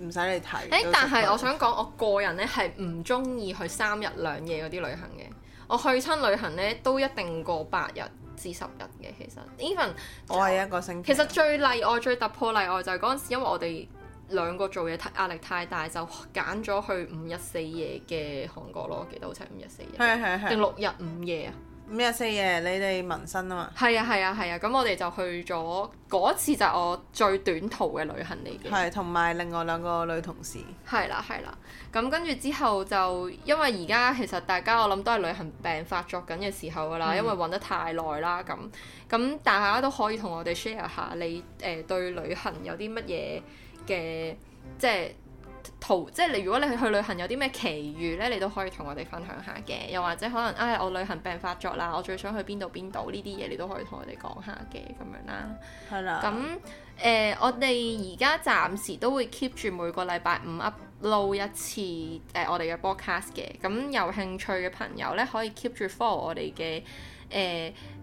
唔使你睇誒，但係是我想講，我個人咧係唔中意去三日兩夜嗰啲旅行嘅。我去親旅行咧，都一定過八日至十日嘅，其實 even 我係一個星期。其實最例外、最突破例外就係嗰陣時，因為我哋兩個做嘢太壓力太大，就揀咗去五日四夜嘅韓國咯，我記得好似五日四夜，係係係，定六日五夜啊。五日四夜，你哋紋身啊嘛，係啊係啊係啊，咁、啊啊、我哋就去咗嗰次就係我最短途嘅旅行嚟嘅，係同埋另外兩個女同事，係啦係啦，咁跟住之後就因為而家其實大家我諗都係旅行病發作緊嘅時候噶啦，嗯、因為玩得太耐啦咁，咁大家都可以同我哋 share 下你誒、呃、對旅行有啲乜嘢嘅即係。途即係你，如果你去旅行有啲咩奇遇呢，你都可以同我哋分享下嘅。又或者可能，唉、哎，我旅行病發作啦，我最想去邊度邊度呢啲嘢，你都可以同我哋講下嘅，咁樣啦。係啦 Hello.。咁、呃、誒，我哋而家暫時都會 keep 住每個禮拜五 upload 一次誒，我哋嘅 broadcast 嘅。咁有興趣嘅朋友呢，可以 keep 住 follow 我哋嘅誒。呃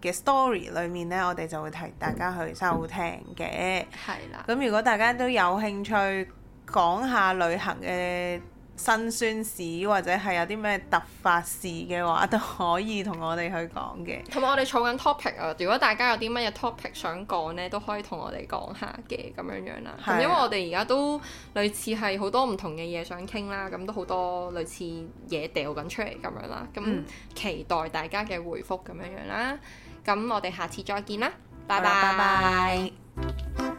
嘅 story 裏面呢，我哋就會提大家去收聽嘅。係啦的。咁如果大家都有興趣講下旅行嘅辛酸史，或者係有啲咩突發事嘅話，都可以同我哋去講嘅。同埋我哋儲緊 topic 啊，如果大家有啲乜嘢 topic 想講呢，都可以同我哋講下嘅咁樣樣啦。的因為我哋而家都類似係好多唔同嘅嘢想傾啦，咁都好多類似嘢掉緊出嚟咁樣啦。咁期待大家嘅回覆，咁樣樣啦。咁我哋下次再見啦，好吧，拜拜。拜拜。